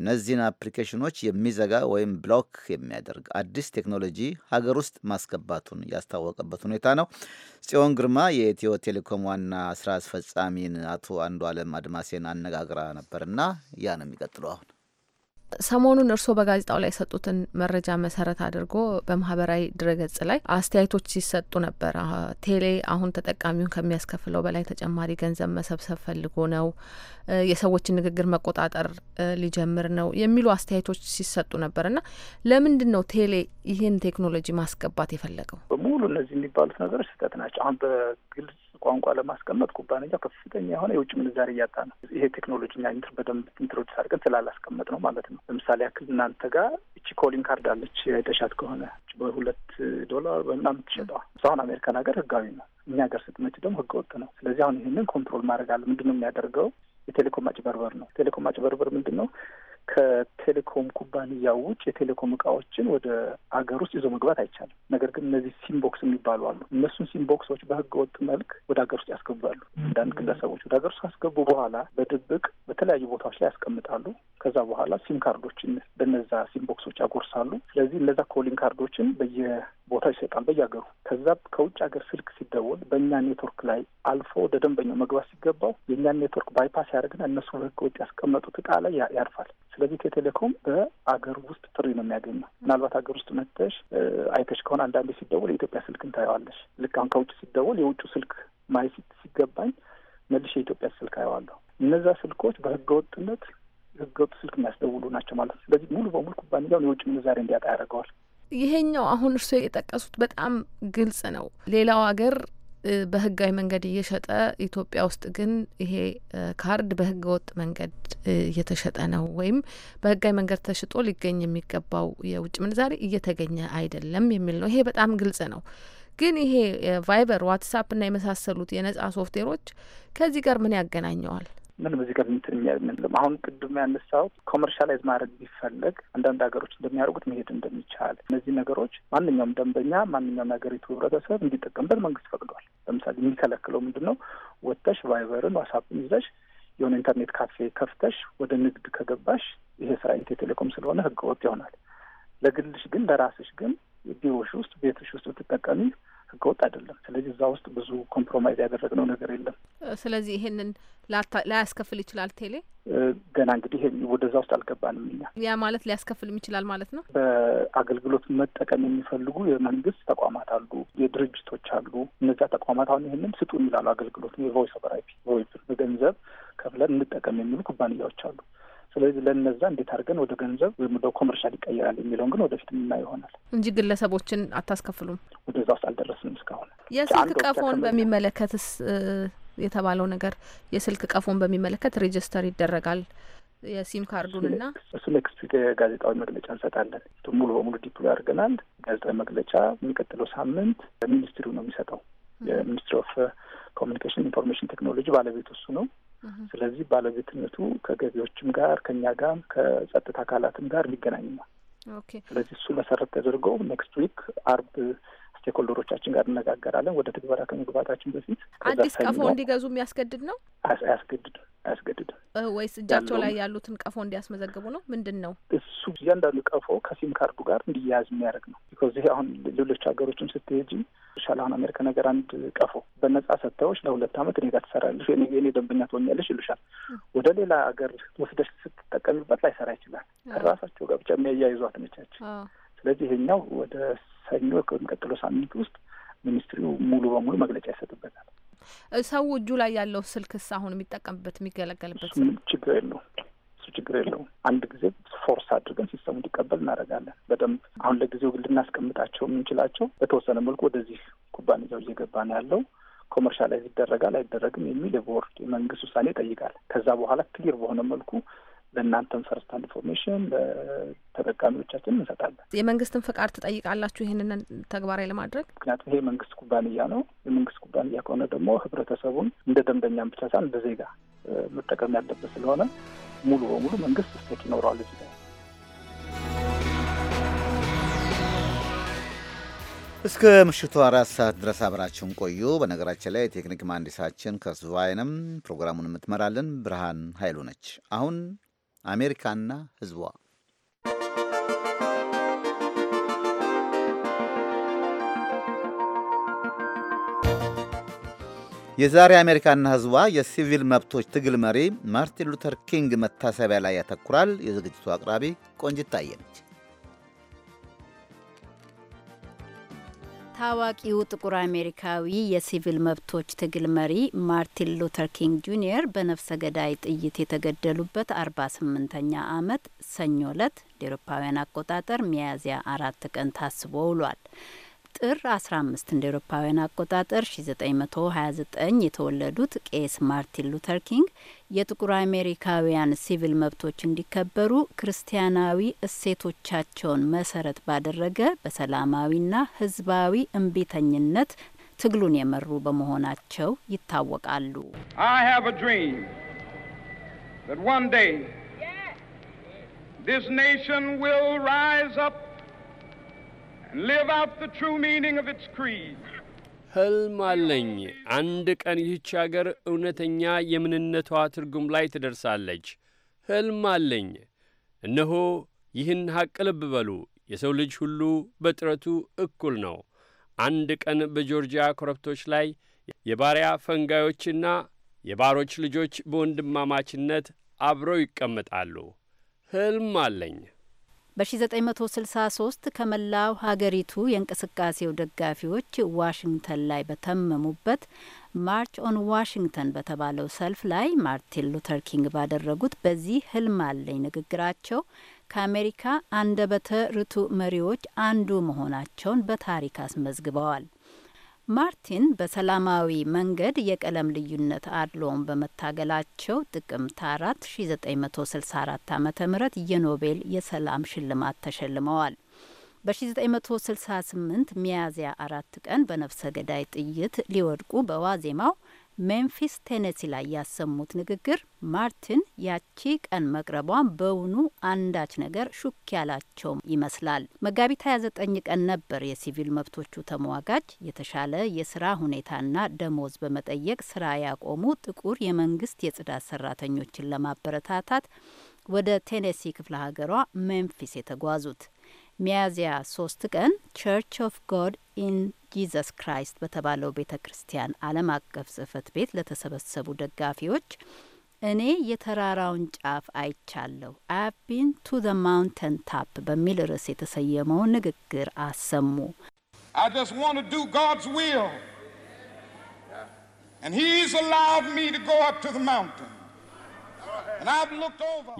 እነዚህን አፕሊኬሽኖች የሚዘጋ ወይም ብሎክ የሚያደርግ አዲስ ቴክኖሎጂ ሀገር ውስጥ ማስገባቱን ያስታወቀበት ሁኔታ ነው። ጽዮን ግርማ የኢትዮ ቴሌኮም ዋና ስራ አስፈጻሚን አቶ አንዱ አለም አድማሴን አነጋግራ ነበርና ያ ነው የሚቀጥለው አሁን ሰሞኑን እርስዎ በጋዜጣው ላይ የሰጡትን መረጃ መሰረት አድርጎ በማህበራዊ ድረገጽ ላይ አስተያየቶች ሲሰጡ ነበር። ቴሌ አሁን ተጠቃሚውን ከሚያስከፍለው በላይ ተጨማሪ ገንዘብ መሰብሰብ ፈልጎ ነው፣ የሰዎችን ንግግር መቆጣጠር ሊጀምር ነው የሚሉ አስተያየቶች ሲሰጡ ነበር እና ለምንድን ነው ቴሌ ይህን ቴክኖሎጂ ማስገባት የፈለገው? በሙሉ እነዚህ የሚባሉት ነገሮች ስህተት ናቸው። አሁን በግልጽ ቋንቋ ለማስቀመጥ ኩባንያው ከፍተኛ የሆነ የውጭ ምንዛሪ እያጣ ነው። ይሄ ቴክኖሎጂ እኛ ኢንትር በደንብ ኢንትሮዲስ አድርገን ስላላስቀመጥ ነው ማለት ነው። ለምሳሌ ያክል እናንተ ጋር እቺ ኮሊንግ ካርድ አለች አይተሻት ከሆነ በሁለት ዶላር በምናምን ትሸጠዋ። አሁን አሜሪካን ሀገር ህጋዊ ነው። እኛ ሀገር ስትመጪ ደግሞ ወጥ ነው። ስለዚህ አሁን ይህንን ኮንትሮል ማድረግ አለ። ምንድን ነው የሚያደርገው? የቴሌኮም አጭበርበር ነው። ቴሌኮም አጭበርበር ምንድን ነው? ከቴሌኮም ኩባንያ ውጭ የቴሌኮም እቃዎችን ወደ አገር ውስጥ ይዞ መግባት አይቻልም። ነገር ግን እነዚህ ሲምቦክስ የሚባሉ አሉ። እነሱን ሲምቦክሶች በህገ ወጥ መልክ ወደ ሀገር ውስጥ ያስገባሉ። አንዳንድ ግለሰቦች ወደ ሀገር ውስጥ ካስገቡ በኋላ በድብቅ በተለያዩ ቦታዎች ላይ ያስቀምጣሉ። ከዛ በኋላ ሲም ካርዶችን በነዛ ሲም ቦክሶች ያጎርሳሉ። ስለዚህ እነዛ ኮሊንግ ካርዶችን በየቦታው ይሰጣል በየሀገሩ። ከዛ ከውጭ ሀገር ስልክ ሲደወል በእኛ ኔትወርክ ላይ አልፎ ወደ ደንበኛው መግባት ሲገባው የእኛን ኔትወርክ ባይፓስ ያደርግና እነሱ በህገ ወጥ ያስቀመጡት እቃ ላይ ያርፋል። ስለዚህ ከቴሌኮም በአገር ውስጥ ጥሪ ነው የሚያገኘው። ምናልባት ሀገር ውስጥ መጥተሽ አይተሽ ከሆነ አንዳንዴ ሲደወል የኢትዮጵያ ስልክ እንታየዋለሽ። ልክ አሁን ከውጭ ሲደወል የውጭ ስልክ ማየት ሲገባኝ መልሼ የኢትዮጵያ ስልክ አየዋለሁ። እነዛ ስልኮች በህገወጥነት ህገወጥ ስልክ የሚያስደውሉ ናቸው ማለት ነው። ስለዚህ ሙሉ በሙሉ ኩባንያውን የውጭ ምንዛሬ እንዲያጣ ያደርገዋል። ይሄኛው አሁን እርስዎ የጠቀሱት በጣም ግልጽ ነው። ሌላው ሀገር በህጋዊ መንገድ እየሸጠ ኢትዮጵያ ውስጥ ግን ይሄ ካርድ በህገ ወጥ መንገድ እየተሸጠ ነው፣ ወይም በህጋዊ መንገድ ተሽጦ ሊገኝ የሚገባው የውጭ ምንዛሬ እየተገኘ አይደለም የሚል ነው። ይሄ በጣም ግልጽ ነው። ግን ይሄ ቫይበር፣ ዋትሳፕ እና የመሳሰሉት የነጻ ሶፍትዌሮች ከዚህ ጋር ምን ያገናኘዋል? ምንም እዚህ ጋር እንትን የሚያምንለም አሁን ቅድም ያነሳሁት ኮመርሻላይዝ ማድረግ ቢፈለግ አንዳንድ ሀገሮች እንደሚያደርጉት መሄድ እንደሚቻል እነዚህ ነገሮች ማንኛውም ደንበኛ ማንኛውም የሀገሪቱ ህብረተሰብ እንዲጠቀምበት መንግስት ፈቅዷል። ለምሳሌ የሚከለክለው ምንድን ነው? ወጥተሽ ቫይበርን ዋሳፕን ይዘሽ የሆነ ኢንተርኔት ካፌ ከፍተሽ ወደ ንግድ ከገባሽ ይሄ ስራ ኢትዮ ቴሌኮም ስለሆነ ህገወጥ ይሆናል። ለግልሽ ግን ለራስሽ ግን ቢሮሽ ውስጥ ቤትሽ ውስጥ ብትጠቀሚ ህገወጥ አይደለም። ስለዚህ እዛ ውስጥ ብዙ ኮምፕሮማይዝ ያደረግነው ነገር የለም። ስለዚህ ይሄንን ላያስከፍል ይችላል ቴሌ ገና እንግዲህ ወደዛ ውስጥ አልገባንም እኛ። ያ ማለት ሊያስከፍልም ይችላል ማለት ነው። በአገልግሎት መጠቀም የሚፈልጉ የመንግስት ተቋማት አሉ፣ የድርጅቶች አሉ። እነዚያ ተቋማት አሁን ይህንን ስጡን ይላሉ። አገልግሎት የቮይስ ኦቨር አይፒ ቮይስ በገንዘብ ከፍለን እንጠቀም የሚሉ ኩባንያዎች አሉ። ስለዚህ ለነዛ እንዴት አድርገን ወደ ገንዘብ ወይም ወደ ኮመርሻል ይቀይራል የሚለውን ግን ወደፊት ምና ይሆናል እንጂ ግለሰቦችን አታስከፍሉም ወደዛ ውስጥ የስልክ ቀፎን በሚመለከትስ የተባለው ነገር የስልክ ቀፎን በሚመለከት ሬጅስተር ይደረጋል። የሲም ካርዱን እና እሱ ኔክስት ዊክ ጋዜጣዊ መግለጫ እንሰጣለን። ሙሉ በሙሉ ዲፕሎይ አድርገናል። ጋዜጣዊ መግለጫ የሚቀጥለው ሳምንት ሚኒስትሪው ነው የሚሰጠው። የሚኒስትሪ ኦፍ ኮሚኒኬሽን ኢንፎርሜሽን ቴክኖሎጂ ባለቤት እሱ ነው። ስለዚህ ባለቤትነቱ ከገቢዎችም ጋር ከእኛ ጋር ከጸጥታ አካላትም ጋር ሊገናኝ ነው። ስለዚህ እሱ መሰረት ተደርገው ኔክስት ዊክ አርብ ስቴክሆልደሮቻችን ጋር እነጋገራለን። ወደ ትግበራ ከመግባታችን በፊት አዲስ ቀፎ እንዲገዙ የሚያስገድድ ነው አያስገድድም አያስገድድም ወይስ እጃቸው ላይ ያሉትን ቀፎ እንዲያስመዘግቡ ነው? ምንድን ነው እሱ? እያንዳንዱ ቀፎ ከሲም ካርዱ ጋር እንዲያያዝ የሚያደርግ ነው። ቢኮዝ ይሄ አሁን ሌሎች ሀገሮችም ስትሄጂ ሻል አሁን አሜሪካ ነገር አንድ ቀፎ በነጻ ሰጥተውሽ ለሁለት ዓመት እኔ ጋር ትሰራለሽ የኔ ደንበኛ ትሆኛለሽ ይሉሻል። ወደ ሌላ ሀገር ወስደሽ ስትጠቀሚበት ላይሰራ ይችላል። ከራሳቸው ጋር ብቻ የሚያያይዟት ነቻቸው ስለዚህ ይሄኛው ወደ ሰኞ ከሚቀጥለው ሳምንት ውስጥ ሚኒስትሪው ሙሉ በሙሉ መግለጫ ይሰጥበታል። ሰው እጁ ላይ ያለው ስልክስ አሁን የሚጠቀምበት የሚገለገልበት ችግር የለው እሱ ችግር የለውም። አንድ ጊዜ ፎርስ አድርገን ሲስተሙ እንዲቀበል እናደርጋለን። በደንብ አሁን ለጊዜው ልናስቀምጣቸው የምንችላቸው በተወሰነ መልኩ ወደዚህ ኩባንያው እየገባ ነው ያለው ኮመርሻላይዝ ይደረጋል አይደረግም የሚል የቦርድ የመንግስት ውሳኔ ይጠይቃል። ከዛ በኋላ ክሊር በሆነ መልኩ ለእናንተም ፈርስት ሃንድ ኢንፎርሜሽን ለተጠቃሚዎቻችን እንሰጣለን። የመንግስትን ፍቃድ ትጠይቃላችሁ ይህንን ተግባራዊ ለማድረግ? ምክንያቱም ይሄ የመንግስት ኩባንያ ነው። የመንግስት ኩባንያ ከሆነ ደግሞ ህብረተሰቡን እንደ ደንበኛም ብቻ ሳይሆን እንደ ዜጋ መጠቀም ያለበት ስለሆነ ሙሉ በሙሉ መንግስት ስቴክ ይኖረዋል እዚህ ላይ እስከ ምሽቱ አራት ሰዓት ድረስ አብራችሁን ቆዩ። በነገራችን ላይ የቴክኒክ መሐንዲሳችን ከስቫይንም ፕሮግራሙን የምትመራልን ብርሃን ኃይሉ ነች። አሁን አሜሪካና ህዝቧ የዛሬ አሜሪካና ህዝቧ የሲቪል መብቶች ትግል መሪ ማርቲን ሉተር ኪንግ መታሰቢያ ላይ ያተኩራል። የዝግጅቱ አቅራቢ ቆንጅት ታየ ነች። ታዋቂው ጥቁር አሜሪካዊ የሲቪል መብቶች ትግል መሪ ማርቲን ሉተር ኪንግ ጁኒየር በነፍሰ ገዳይ ጥይት የተገደሉበት አርባ ስምንተኛ አመት ሰኞ እለት ለአውሮፓውያን አቆጣጠር ሚያዝያ አራት ቀን ታስቦ ውሏል። ጥር 15 እንደ ኤሮፓውያን አቆጣጠር 1929 የተወለዱት ቄስ ማርቲን ሉተር ኪንግ የጥቁር አሜሪካውያን ሲቪል መብቶች እንዲከበሩ ክርስቲያናዊ እሴቶቻቸውን መሰረት ባደረገ በሰላማዊና ህዝባዊ እምቢተኝነት ትግሉን የመሩ በመሆናቸው ይታወቃሉ። ኔሽን ዊል ራይዝ አፕ ህልም አለኝ። አንድ ቀን ይህች አገር እውነተኛ የምንነቷ ትርጉም ላይ ትደርሳለች። ህልም አለኝ። እነሆ ይህን ሐቅ ልብ በሉ። የሰው ልጅ ሁሉ በጥረቱ እኩል ነው። አንድ ቀን በጆርጂያ ኮረብቶች ላይ የባሪያ ፈንጋዮችና የባሮች ልጆች በወንድማማችነት አብረው ይቀመጣሉ። ህልም አለኝ። በ1963 ከመላው ሀገሪቱ የእንቅስቃሴው ደጋፊዎች ዋሽንግተን ላይ በተመሙበት ማርች ኦን ዋሽንግተን በተባለው ሰልፍ ላይ ማርቲን ሉተር ኪንግ ባደረጉት በዚህ ህልም አለኝ ንግግራቸው ከአሜሪካ አንደበተ ርቱዕ መሪዎች አንዱ መሆናቸውን በታሪክ አስመዝግበዋል። ማርቲን በሰላማዊ መንገድ የቀለም ልዩነት አድሎውን በመታገላቸው ጥቅምት 4 1964 ዓ ም የኖቤል የሰላም ሽልማት ተሸልመዋል። በ1968 ሚያዝያ አራት ቀን በነፍሰ ገዳይ ጥይት ሊወድቁ በዋዜማው ሜምፊስ ቴነሲ ላይ ያሰሙት ንግግር ማርቲን ያቺ ቀን መቅረቧን በውኑ አንዳች ነገር ሹክ ያላቸው ይመስላል። መጋቢት 29 ቀን ነበር የሲቪል መብቶቹ ተሟጋች የተሻለ የስራ ሁኔታና ደሞዝ በመጠየቅ ስራ ያቆሙ ጥቁር የመንግስት የጽዳት ሰራተኞችን ለማበረታታት ወደ ቴኔሲ ክፍለ ሀገሯ ሜምፊስ የተጓዙት። ሚያዝያ ሶስት ቀን ቸርች ኦፍ ጎድ ኢን ጂዘስ ክራይስት በተባለው ቤተ ክርስቲያን ዓለም አቀፍ ጽህፈት ቤት ለተሰበሰቡ ደጋፊዎች እኔ የተራራውን ጫፍ አይቻለሁ አቢን ቱ ዘ ማውንተን ታፕ በሚል ርዕስ የተሰየመው ንግግር አሰሙ።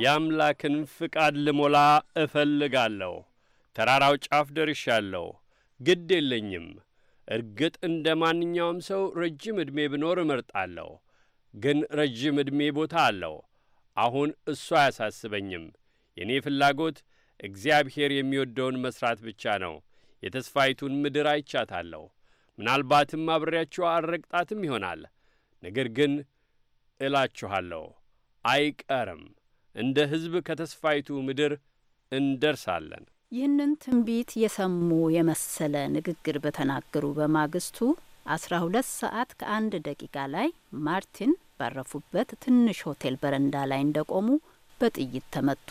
የአምላክን ፍቃድ ልሞላ እፈልጋለሁ ተራራው ጫፍ ደርሻለሁ፣ ግድ የለኝም። እርግጥ እንደ ማንኛውም ሰው ረጅም ዕድሜ ብኖር እመርጣለሁ፣ ግን ረጅም ዕድሜ ቦታ አለው። አሁን እሱ አያሳስበኝም። የእኔ ፍላጎት እግዚአብሔር የሚወደውን መሥራት ብቻ ነው። የተስፋይቱን ምድር አይቻታለሁ። ምናልባትም አብሬያችሁ አልረግጣትም ይሆናል። ነገር ግን እላችኋለሁ አይቀርም፣ እንደ ሕዝብ ከተስፋይቱ ምድር እንደርሳለን። ይህንን ትንቢት የሰሙ የመሰለ ንግግር በተናገሩ በማግስቱ 12 ሰዓት ከአንድ ደቂቃ ላይ ማርቲን ባረፉበት ትንሽ ሆቴል በረንዳ ላይ እንደቆሙ በጥይት ተመቱ።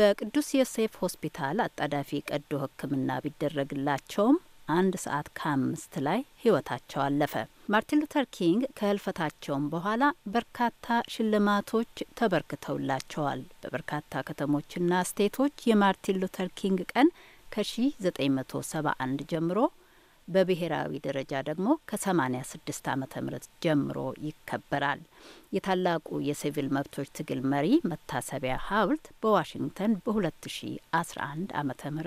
በቅዱስ ዮሴፍ ሆስፒታል አጣዳፊ ቀዶ ሕክምና ቢደረግላቸውም አንድ ሰዓት ከአምስት ላይ ህይወታቸው አለፈ። ማርቲን ሉተር ኪንግ ከህልፈታቸውም በኋላ በርካታ ሽልማቶች ተበርክተውላቸዋል። በበርካታ ከተሞችና ስቴቶች የማርቲን ሉተር ኪንግ ቀን ከ1971 ጀምሮ በብሔራዊ ደረጃ ደግሞ ከ86 ዓ ም ጀምሮ ይከበራል። የታላቁ የሲቪል መብቶች ትግል መሪ መታሰቢያ ሐውልት በዋሽንግተን በ2011 ዓ ም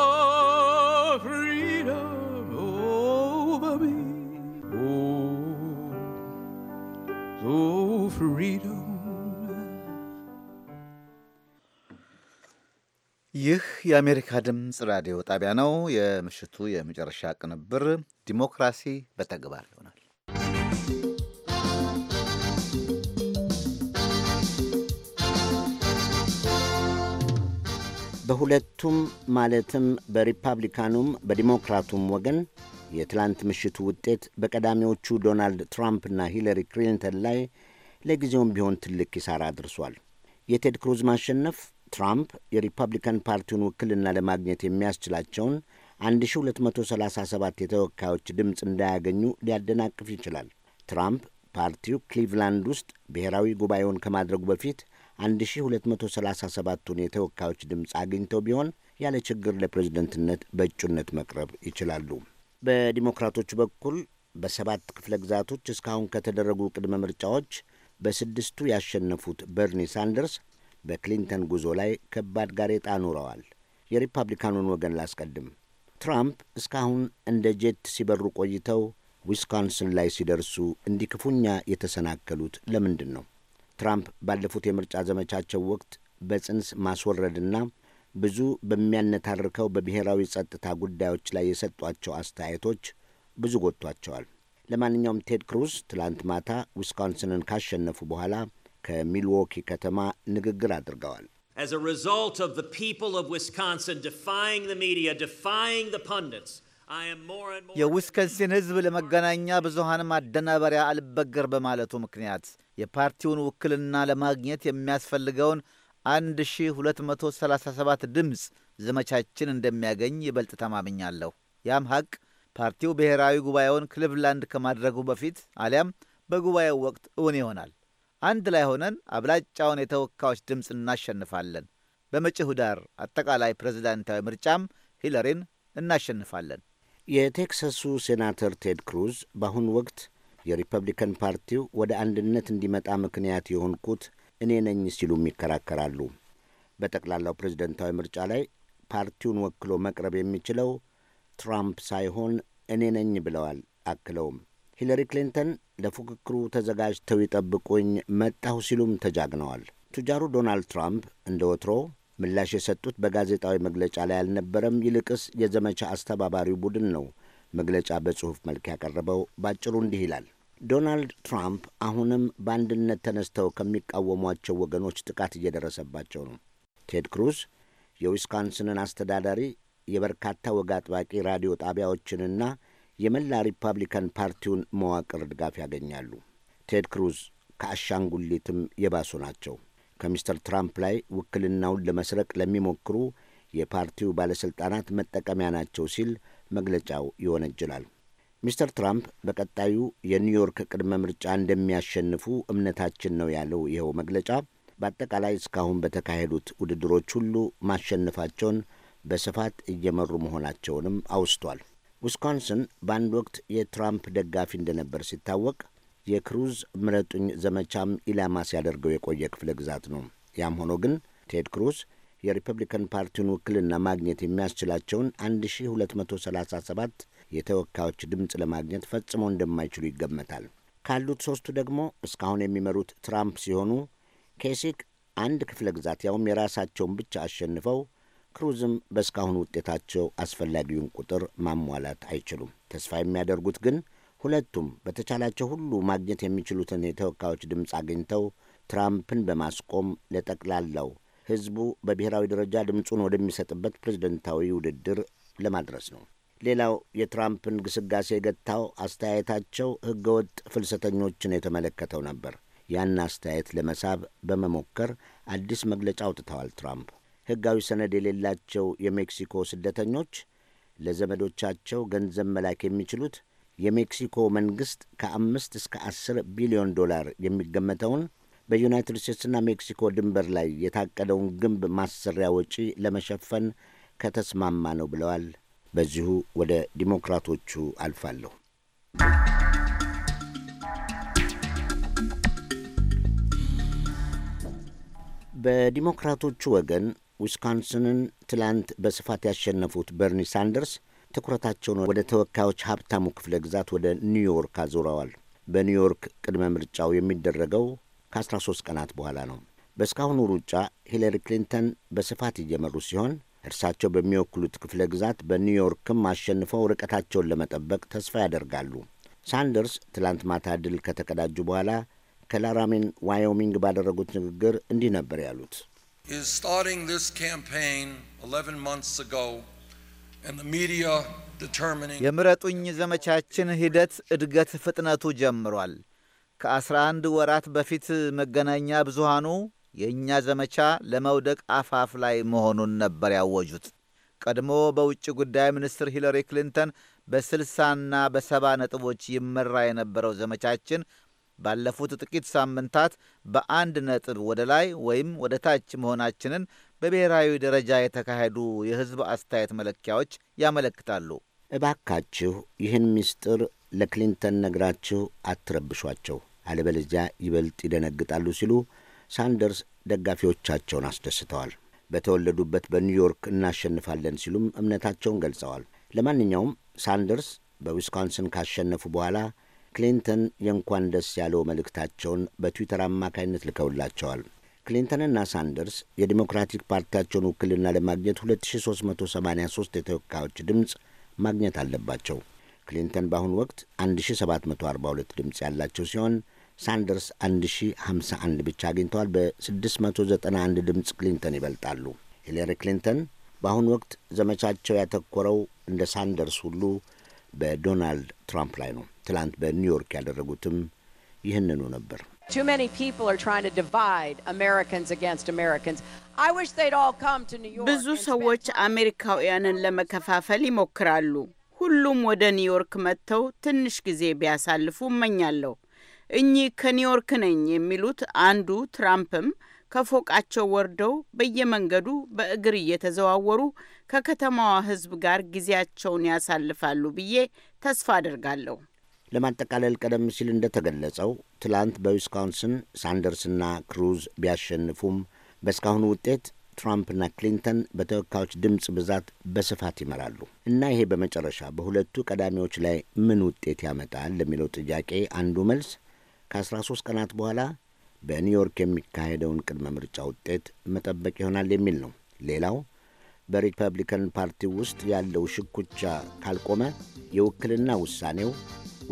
freedom. ይህ የአሜሪካ ድምፅ ራዲዮ ጣቢያ ነው። የምሽቱ የመጨረሻ ቅንብር ዲሞክራሲ በተግባር ይሆናል። በሁለቱም ማለትም በሪፐብሊካኑም በዲሞክራቱም ወገን የትላንት ምሽቱ ውጤት በቀዳሚዎቹ ዶናልድ ትራምፕና ሂለሪ ክሊንተን ላይ ለጊዜውም ቢሆን ትልቅ ኪሳራ አድርሷል። የቴድ ክሩዝ ማሸነፍ ትራምፕ የሪፐብሊካን ፓርቲውን ውክልና ለማግኘት የሚያስችላቸውን 1237 የተወካዮች ድምፅ እንዳያገኙ ሊያደናቅፍ ይችላል። ትራምፕ ፓርቲው ክሊቭላንድ ውስጥ ብሔራዊ ጉባኤውን ከማድረጉ በፊት 1237ቱን የተወካዮች ድምፅ አግኝተው ቢሆን ያለ ችግር ለፕሬዝደንትነት በእጩነት መቅረብ ይችላሉ። በዲሞክራቶቹ በኩል በሰባት ክፍለ ግዛቶች እስካሁን ከተደረጉ ቅድመ ምርጫዎች በስድስቱ ያሸነፉት በርኒ ሳንደርስ በክሊንተን ጉዞ ላይ ከባድ ጋሬጣ ኑረዋል። የሪፐብሊካኑን ወገን ላስቀድም። ትራምፕ እስካሁን እንደ ጄት ሲበሩ ቆይተው ዊስኮንስን ላይ ሲደርሱ እንዲህ ክፉኛ የተሰናከሉት ለምንድን ነው? ትራምፕ ባለፉት የምርጫ ዘመቻቸው ወቅት በጽንስ ማስወረድና ብዙ በሚያነታርከው በብሔራዊ ጸጥታ ጉዳዮች ላይ የሰጧቸው አስተያየቶች ብዙ ጎጥቷቸዋል። ለማንኛውም ቴድ ክሩዝ ትላንት ማታ ዊስኮንስንን ካሸነፉ በኋላ ከሚልዎኪ ከተማ ንግግር አድርገዋል። As a result of the people of Wisconsin defying the media, defying the pundits, የዊስከንሲን ሕዝብ ለመገናኛ ብዙሃን ማደናበሪያ አልበገር በማለቱ ምክንያት የፓርቲውን ውክልና ለማግኘት የሚያስፈልገውን 1237 ድምፅ ዘመቻችን እንደሚያገኝ ይበልጥ ተማምኛለሁ። ያም ሐቅ ፓርቲው ብሔራዊ ጉባኤውን ክሊቭላንድ ከማድረጉ በፊት አሊያም በጉባኤው ወቅት እውን ይሆናል። አንድ ላይ ሆነን አብላጫውን የተወካዮች ድምፅ እናሸንፋለን። በመጪው ዳር አጠቃላይ ፕሬዚዳንታዊ ምርጫም ሂለሪን እናሸንፋለን። የቴክሳሱ ሴናተር ቴድ ክሩዝ በአሁኑ ወቅት የሪፐብሊካን ፓርቲው ወደ አንድነት እንዲመጣ ምክንያት የሆንኩት እኔ ነኝ ሲሉም ይከራከራሉ። በጠቅላላው ፕሬዝደንታዊ ምርጫ ላይ ፓርቲውን ወክሎ መቅረብ የሚችለው ትራምፕ ሳይሆን እኔ ነኝ ብለዋል። አክለውም ሂለሪ ክሊንተን ለፉክክሩ ተዘጋጅተው ይጠብቁኝ መጣሁ ሲሉም ተጃግነዋል። ቱጃሩ ዶናልድ ትራምፕ እንደ ወትሮ ምላሽ የሰጡት በጋዜጣዊ መግለጫ ላይ አልነበረም። ይልቅስ የዘመቻ አስተባባሪው ቡድን ነው መግለጫ በጽሑፍ መልክ ያቀረበው። ባጭሩ እንዲህ ይላል። ዶናልድ ትራምፕ አሁንም በአንድነት ተነስተው ከሚቃወሟቸው ወገኖች ጥቃት እየደረሰባቸው ነው። ቴድ ክሩዝ የዊስካንስንን አስተዳዳሪ የበርካታ ወግ አጥባቂ ራዲዮ ጣቢያዎችንና የመላ ሪፐብሊካን ፓርቲውን መዋቅር ድጋፍ ያገኛሉ። ቴድ ክሩዝ ከአሻንጉሊትም የባሱ ናቸው። ከሚስተር ትራምፕ ላይ ውክልናውን ለመስረቅ ለሚሞክሩ የፓርቲው ባለሥልጣናት መጠቀሚያ ናቸው ሲል መግለጫው ይወነጅላል። ሚስተር ትራምፕ በቀጣዩ የኒውዮርክ ቅድመ ምርጫ እንደሚያሸንፉ እምነታችን ነው ያለው ይኸው መግለጫ በአጠቃላይ እስካሁን በተካሄዱት ውድድሮች ሁሉ ማሸነፋቸውን በስፋት እየመሩ መሆናቸውንም አውስቷል። ዊስኮንስን በአንድ ወቅት የትራምፕ ደጋፊ እንደነበር ሲታወቅ የክሩዝ ምረጡኝ ዘመቻም ኢላማ ሲያደርገው የቆየ ክፍለ ግዛት ነው። ያም ሆኖ ግን ቴድ ክሩዝ የሪፐብሊካን ፓርቲውን ውክልና ማግኘት የሚያስችላቸውን 1237 የተወካዮች ድምፅ ለማግኘት ፈጽሞ እንደማይችሉ ይገመታል። ካሉት ሦስቱ ደግሞ እስካሁን የሚመሩት ትራምፕ ሲሆኑ ኬሲክ አንድ ክፍለ ግዛት ያውም የራሳቸውን ብቻ አሸንፈው ክሩዝም በእስካሁን ውጤታቸው አስፈላጊውን ቁጥር ማሟላት አይችሉም። ተስፋ የሚያደርጉት ግን ሁለቱም በተቻላቸው ሁሉ ማግኘት የሚችሉትን የተወካዮች ድምፅ አግኝተው ትራምፕን በማስቆም ለጠቅላላው ሕዝቡ በብሔራዊ ደረጃ ድምፁን ወደሚሰጥበት ፕሬዝደንታዊ ውድድር ለማድረስ ነው። ሌላው የትራምፕን ግስጋሴ የገታው አስተያየታቸው ሕገወጥ ፍልሰተኞችን የተመለከተው ነበር። ያን አስተያየት ለመሳብ በመሞከር አዲስ መግለጫ አውጥተዋል ትራምፕ ሕጋዊ ሰነድ የሌላቸው የሜክሲኮ ስደተኞች ለዘመዶቻቸው ገንዘብ መላክ የሚችሉት የሜክሲኮ መንግሥት ከአምስት እስከ አስር ቢሊዮን ዶላር የሚገመተውን በዩናይትድ ስቴትስና ሜክሲኮ ድንበር ላይ የታቀደውን ግንብ ማሰሪያ ወጪ ለመሸፈን ከተስማማ ነው ብለዋል። በዚሁ ወደ ዲሞክራቶቹ አልፋለሁ። በዲሞክራቶቹ ወገን ዊስኮንስንን ትላንት በስፋት ያሸነፉት በርኒ ሳንደርስ ትኩረታቸውን ወደ ተወካዮች ሀብታሙ ክፍለ ግዛት ወደ ኒውዮርክ አዙረዋል። በኒውዮርክ ቅድመ ምርጫው የሚደረገው ከ13 ቀናት በኋላ ነው። በእስካሁኑ ሩጫ ሂለሪ ክሊንተን በስፋት እየመሩ ሲሆን እርሳቸው በሚወክሉት ክፍለ ግዛት በኒውዮርክም አሸንፈው ርቀታቸውን ለመጠበቅ ተስፋ ያደርጋሉ። ሳንደርስ ትላንት ማታ ድል ከተቀዳጁ በኋላ ከላራሜን ዋዮሚንግ ባደረጉት ንግግር እንዲህ ነበር ያሉት። is starting this campaign 11 months ago and the media determining የምረጡኝ ዘመቻችን ሂደት እድገት ፍጥነቱ ጀምሯል። ከ11 ወራት በፊት መገናኛ ብዙሃኑ የእኛ ዘመቻ ለመውደቅ አፋፍ ላይ መሆኑን ነበር ያወጁት። ቀድሞ በውጭ ጉዳይ ሚኒስትር ሂለሪ ክሊንተን በ60ና በ70 ነጥቦች ይመራ የነበረው ዘመቻችን ባለፉት ጥቂት ሳምንታት በአንድ ነጥብ ወደ ላይ ወይም ወደ ታች መሆናችንን በብሔራዊ ደረጃ የተካሄዱ የሕዝብ አስተያየት መለኪያዎች ያመለክታሉ። እባካችሁ ይህን ምስጢር ለክሊንተን ነግራችሁ አትረብሿቸው፣ አለበለዚያ ይበልጥ ይደነግጣሉ ሲሉ ሳንደርስ ደጋፊዎቻቸውን አስደስተዋል። በተወለዱበት በኒውዮርክ እናሸንፋለን ሲሉም እምነታቸውን ገልጸዋል። ለማንኛውም ሳንደርስ በዊስኮንስን ካሸነፉ በኋላ ክሊንተን የእንኳን ደስ ያለው መልእክታቸውን በትዊተር አማካይነት ልከውላቸዋል። ክሊንተንና ሳንደርስ የዲሞክራቲክ ፓርቲያቸውን ውክልና ለማግኘት 2383 የተወካዮች ድምፅ ማግኘት አለባቸው። ክሊንተን በአሁኑ ወቅት 1742 ድምፅ ያላቸው ሲሆን ሳንደርስ 1051 ብቻ አግኝተዋል። በ691 ድምፅ ክሊንተን ይበልጣሉ። ሂለሪ ክሊንተን በአሁኑ ወቅት ዘመቻቸው ያተኮረው እንደ ሳንደርስ ሁሉ በዶናልድ ትራምፕ ላይ ነው። ትላንት በኒውዮርክ ያደረጉትም ይህንኑ ነበር። ብዙ ሰዎች አሜሪካውያንን ለመከፋፈል ይሞክራሉ። ሁሉም ወደ ኒውዮርክ መጥተው ትንሽ ጊዜ ቢያሳልፉ እመኛለሁ። እኚህ ከኒውዮርክ ነኝ የሚሉት አንዱ ትራምፕም ከፎቃቸው ወርደው በየመንገዱ በእግር እየተዘዋወሩ ከከተማዋ ሕዝብ ጋር ጊዜያቸውን ያሳልፋሉ ብዬ ተስፋ አድርጋለሁ። ለማጠቃለል ቀደም ሲል እንደተገለጸው ትላንት በዊስኮንስን ሳንደርስና ክሩዝ ቢያሸንፉም በእስካሁኑ ውጤት ትራምፕና ክሊንተን በተወካዮች ድምፅ ብዛት በስፋት ይመራሉ እና ይሄ በመጨረሻ በሁለቱ ቀዳሚዎች ላይ ምን ውጤት ያመጣል ለሚለው ጥያቄ አንዱ መልስ ከ13 ቀናት በኋላ በኒውዮርክ የሚካሄደውን ቅድመ ምርጫ ውጤት መጠበቅ ይሆናል የሚል ነው። ሌላው በሪፐብሊካን ፓርቲ ውስጥ ያለው ሽኩቻ ካልቆመ የውክልና ውሳኔው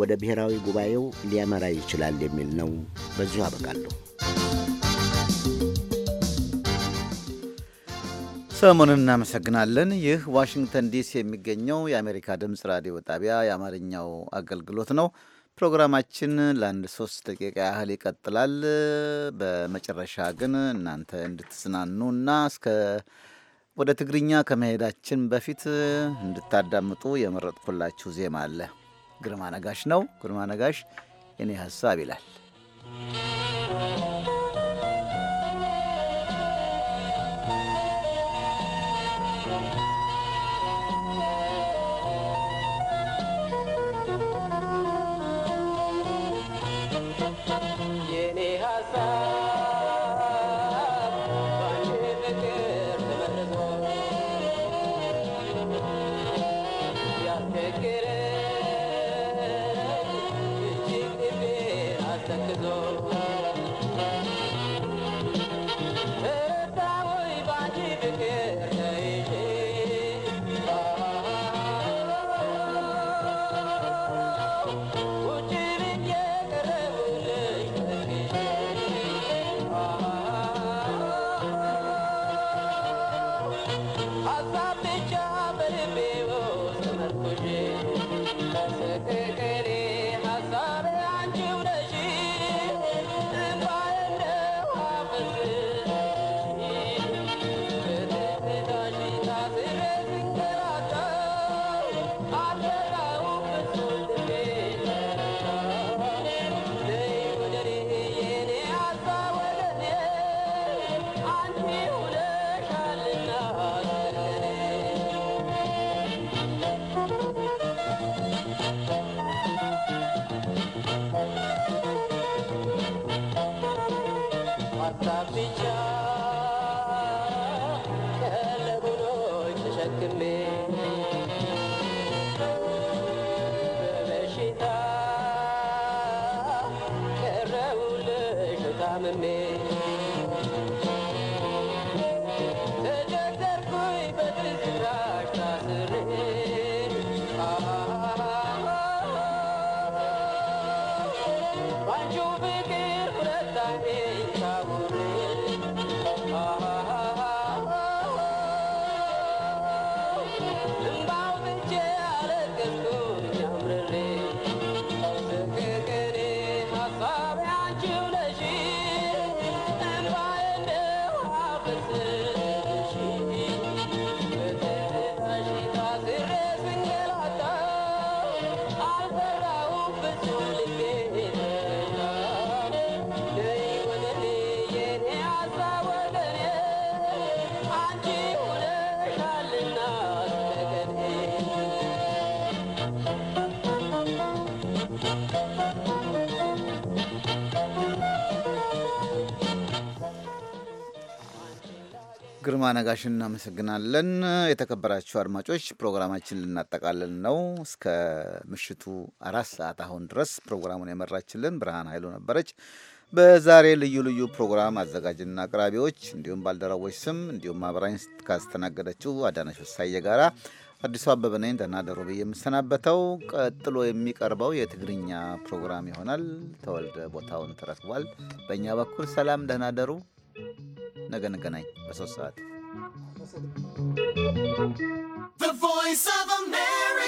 ወደ ብሔራዊ ጉባኤው ሊያመራ ይችላል የሚል ነው። በዚሁ አበቃለሁ። ሰሞኑን እናመሰግናለን። ይህ ዋሽንግተን ዲሲ የሚገኘው የአሜሪካ ድምፅ ራዲዮ ጣቢያ የአማርኛው አገልግሎት ነው። ፕሮግራማችን ለአንድ ሶስት ደቂቃ ያህል ይቀጥላል። በመጨረሻ ግን እናንተ እንድትዝናኑ እና እስከ ወደ ትግርኛ ከመሄዳችን በፊት እንድታዳምጡ የመረጥኩላችሁ ዜማ አለ። ግርማ ነጋሽ ነው። ግርማ ነጋሽ የኔ ሀሳብ ይላል። I'm in me. ግርማ ነጋሽን እናመሰግናለን። የተከበራችሁ አድማጮች ፕሮግራማችን ልናጠቃለን ነው። እስከ ምሽቱ አራት ሰዓት አሁን ድረስ ፕሮግራሙን የመራችልን ብርሃን ኃይሉ ነበረች። በዛሬ ልዩ ልዩ ፕሮግራም አዘጋጅና አቅራቢዎች እንዲሁም ባልደረቦች ስም እንዲሁም አብራኝ ካስተናገደችው አዳነሽ ወሳዬ ጋራ አዲሱ አበበ ነኝ ብዬ የምሰናበተው። ቀጥሎ የሚቀርበው የትግርኛ ፕሮግራም ይሆናል። ተወልደ ቦታውን ተረክቧል። በእኛ በኩል ሰላም፣ ደህናደሩ ነገንገናኝ በሶስት ሰዓት The Voice of America.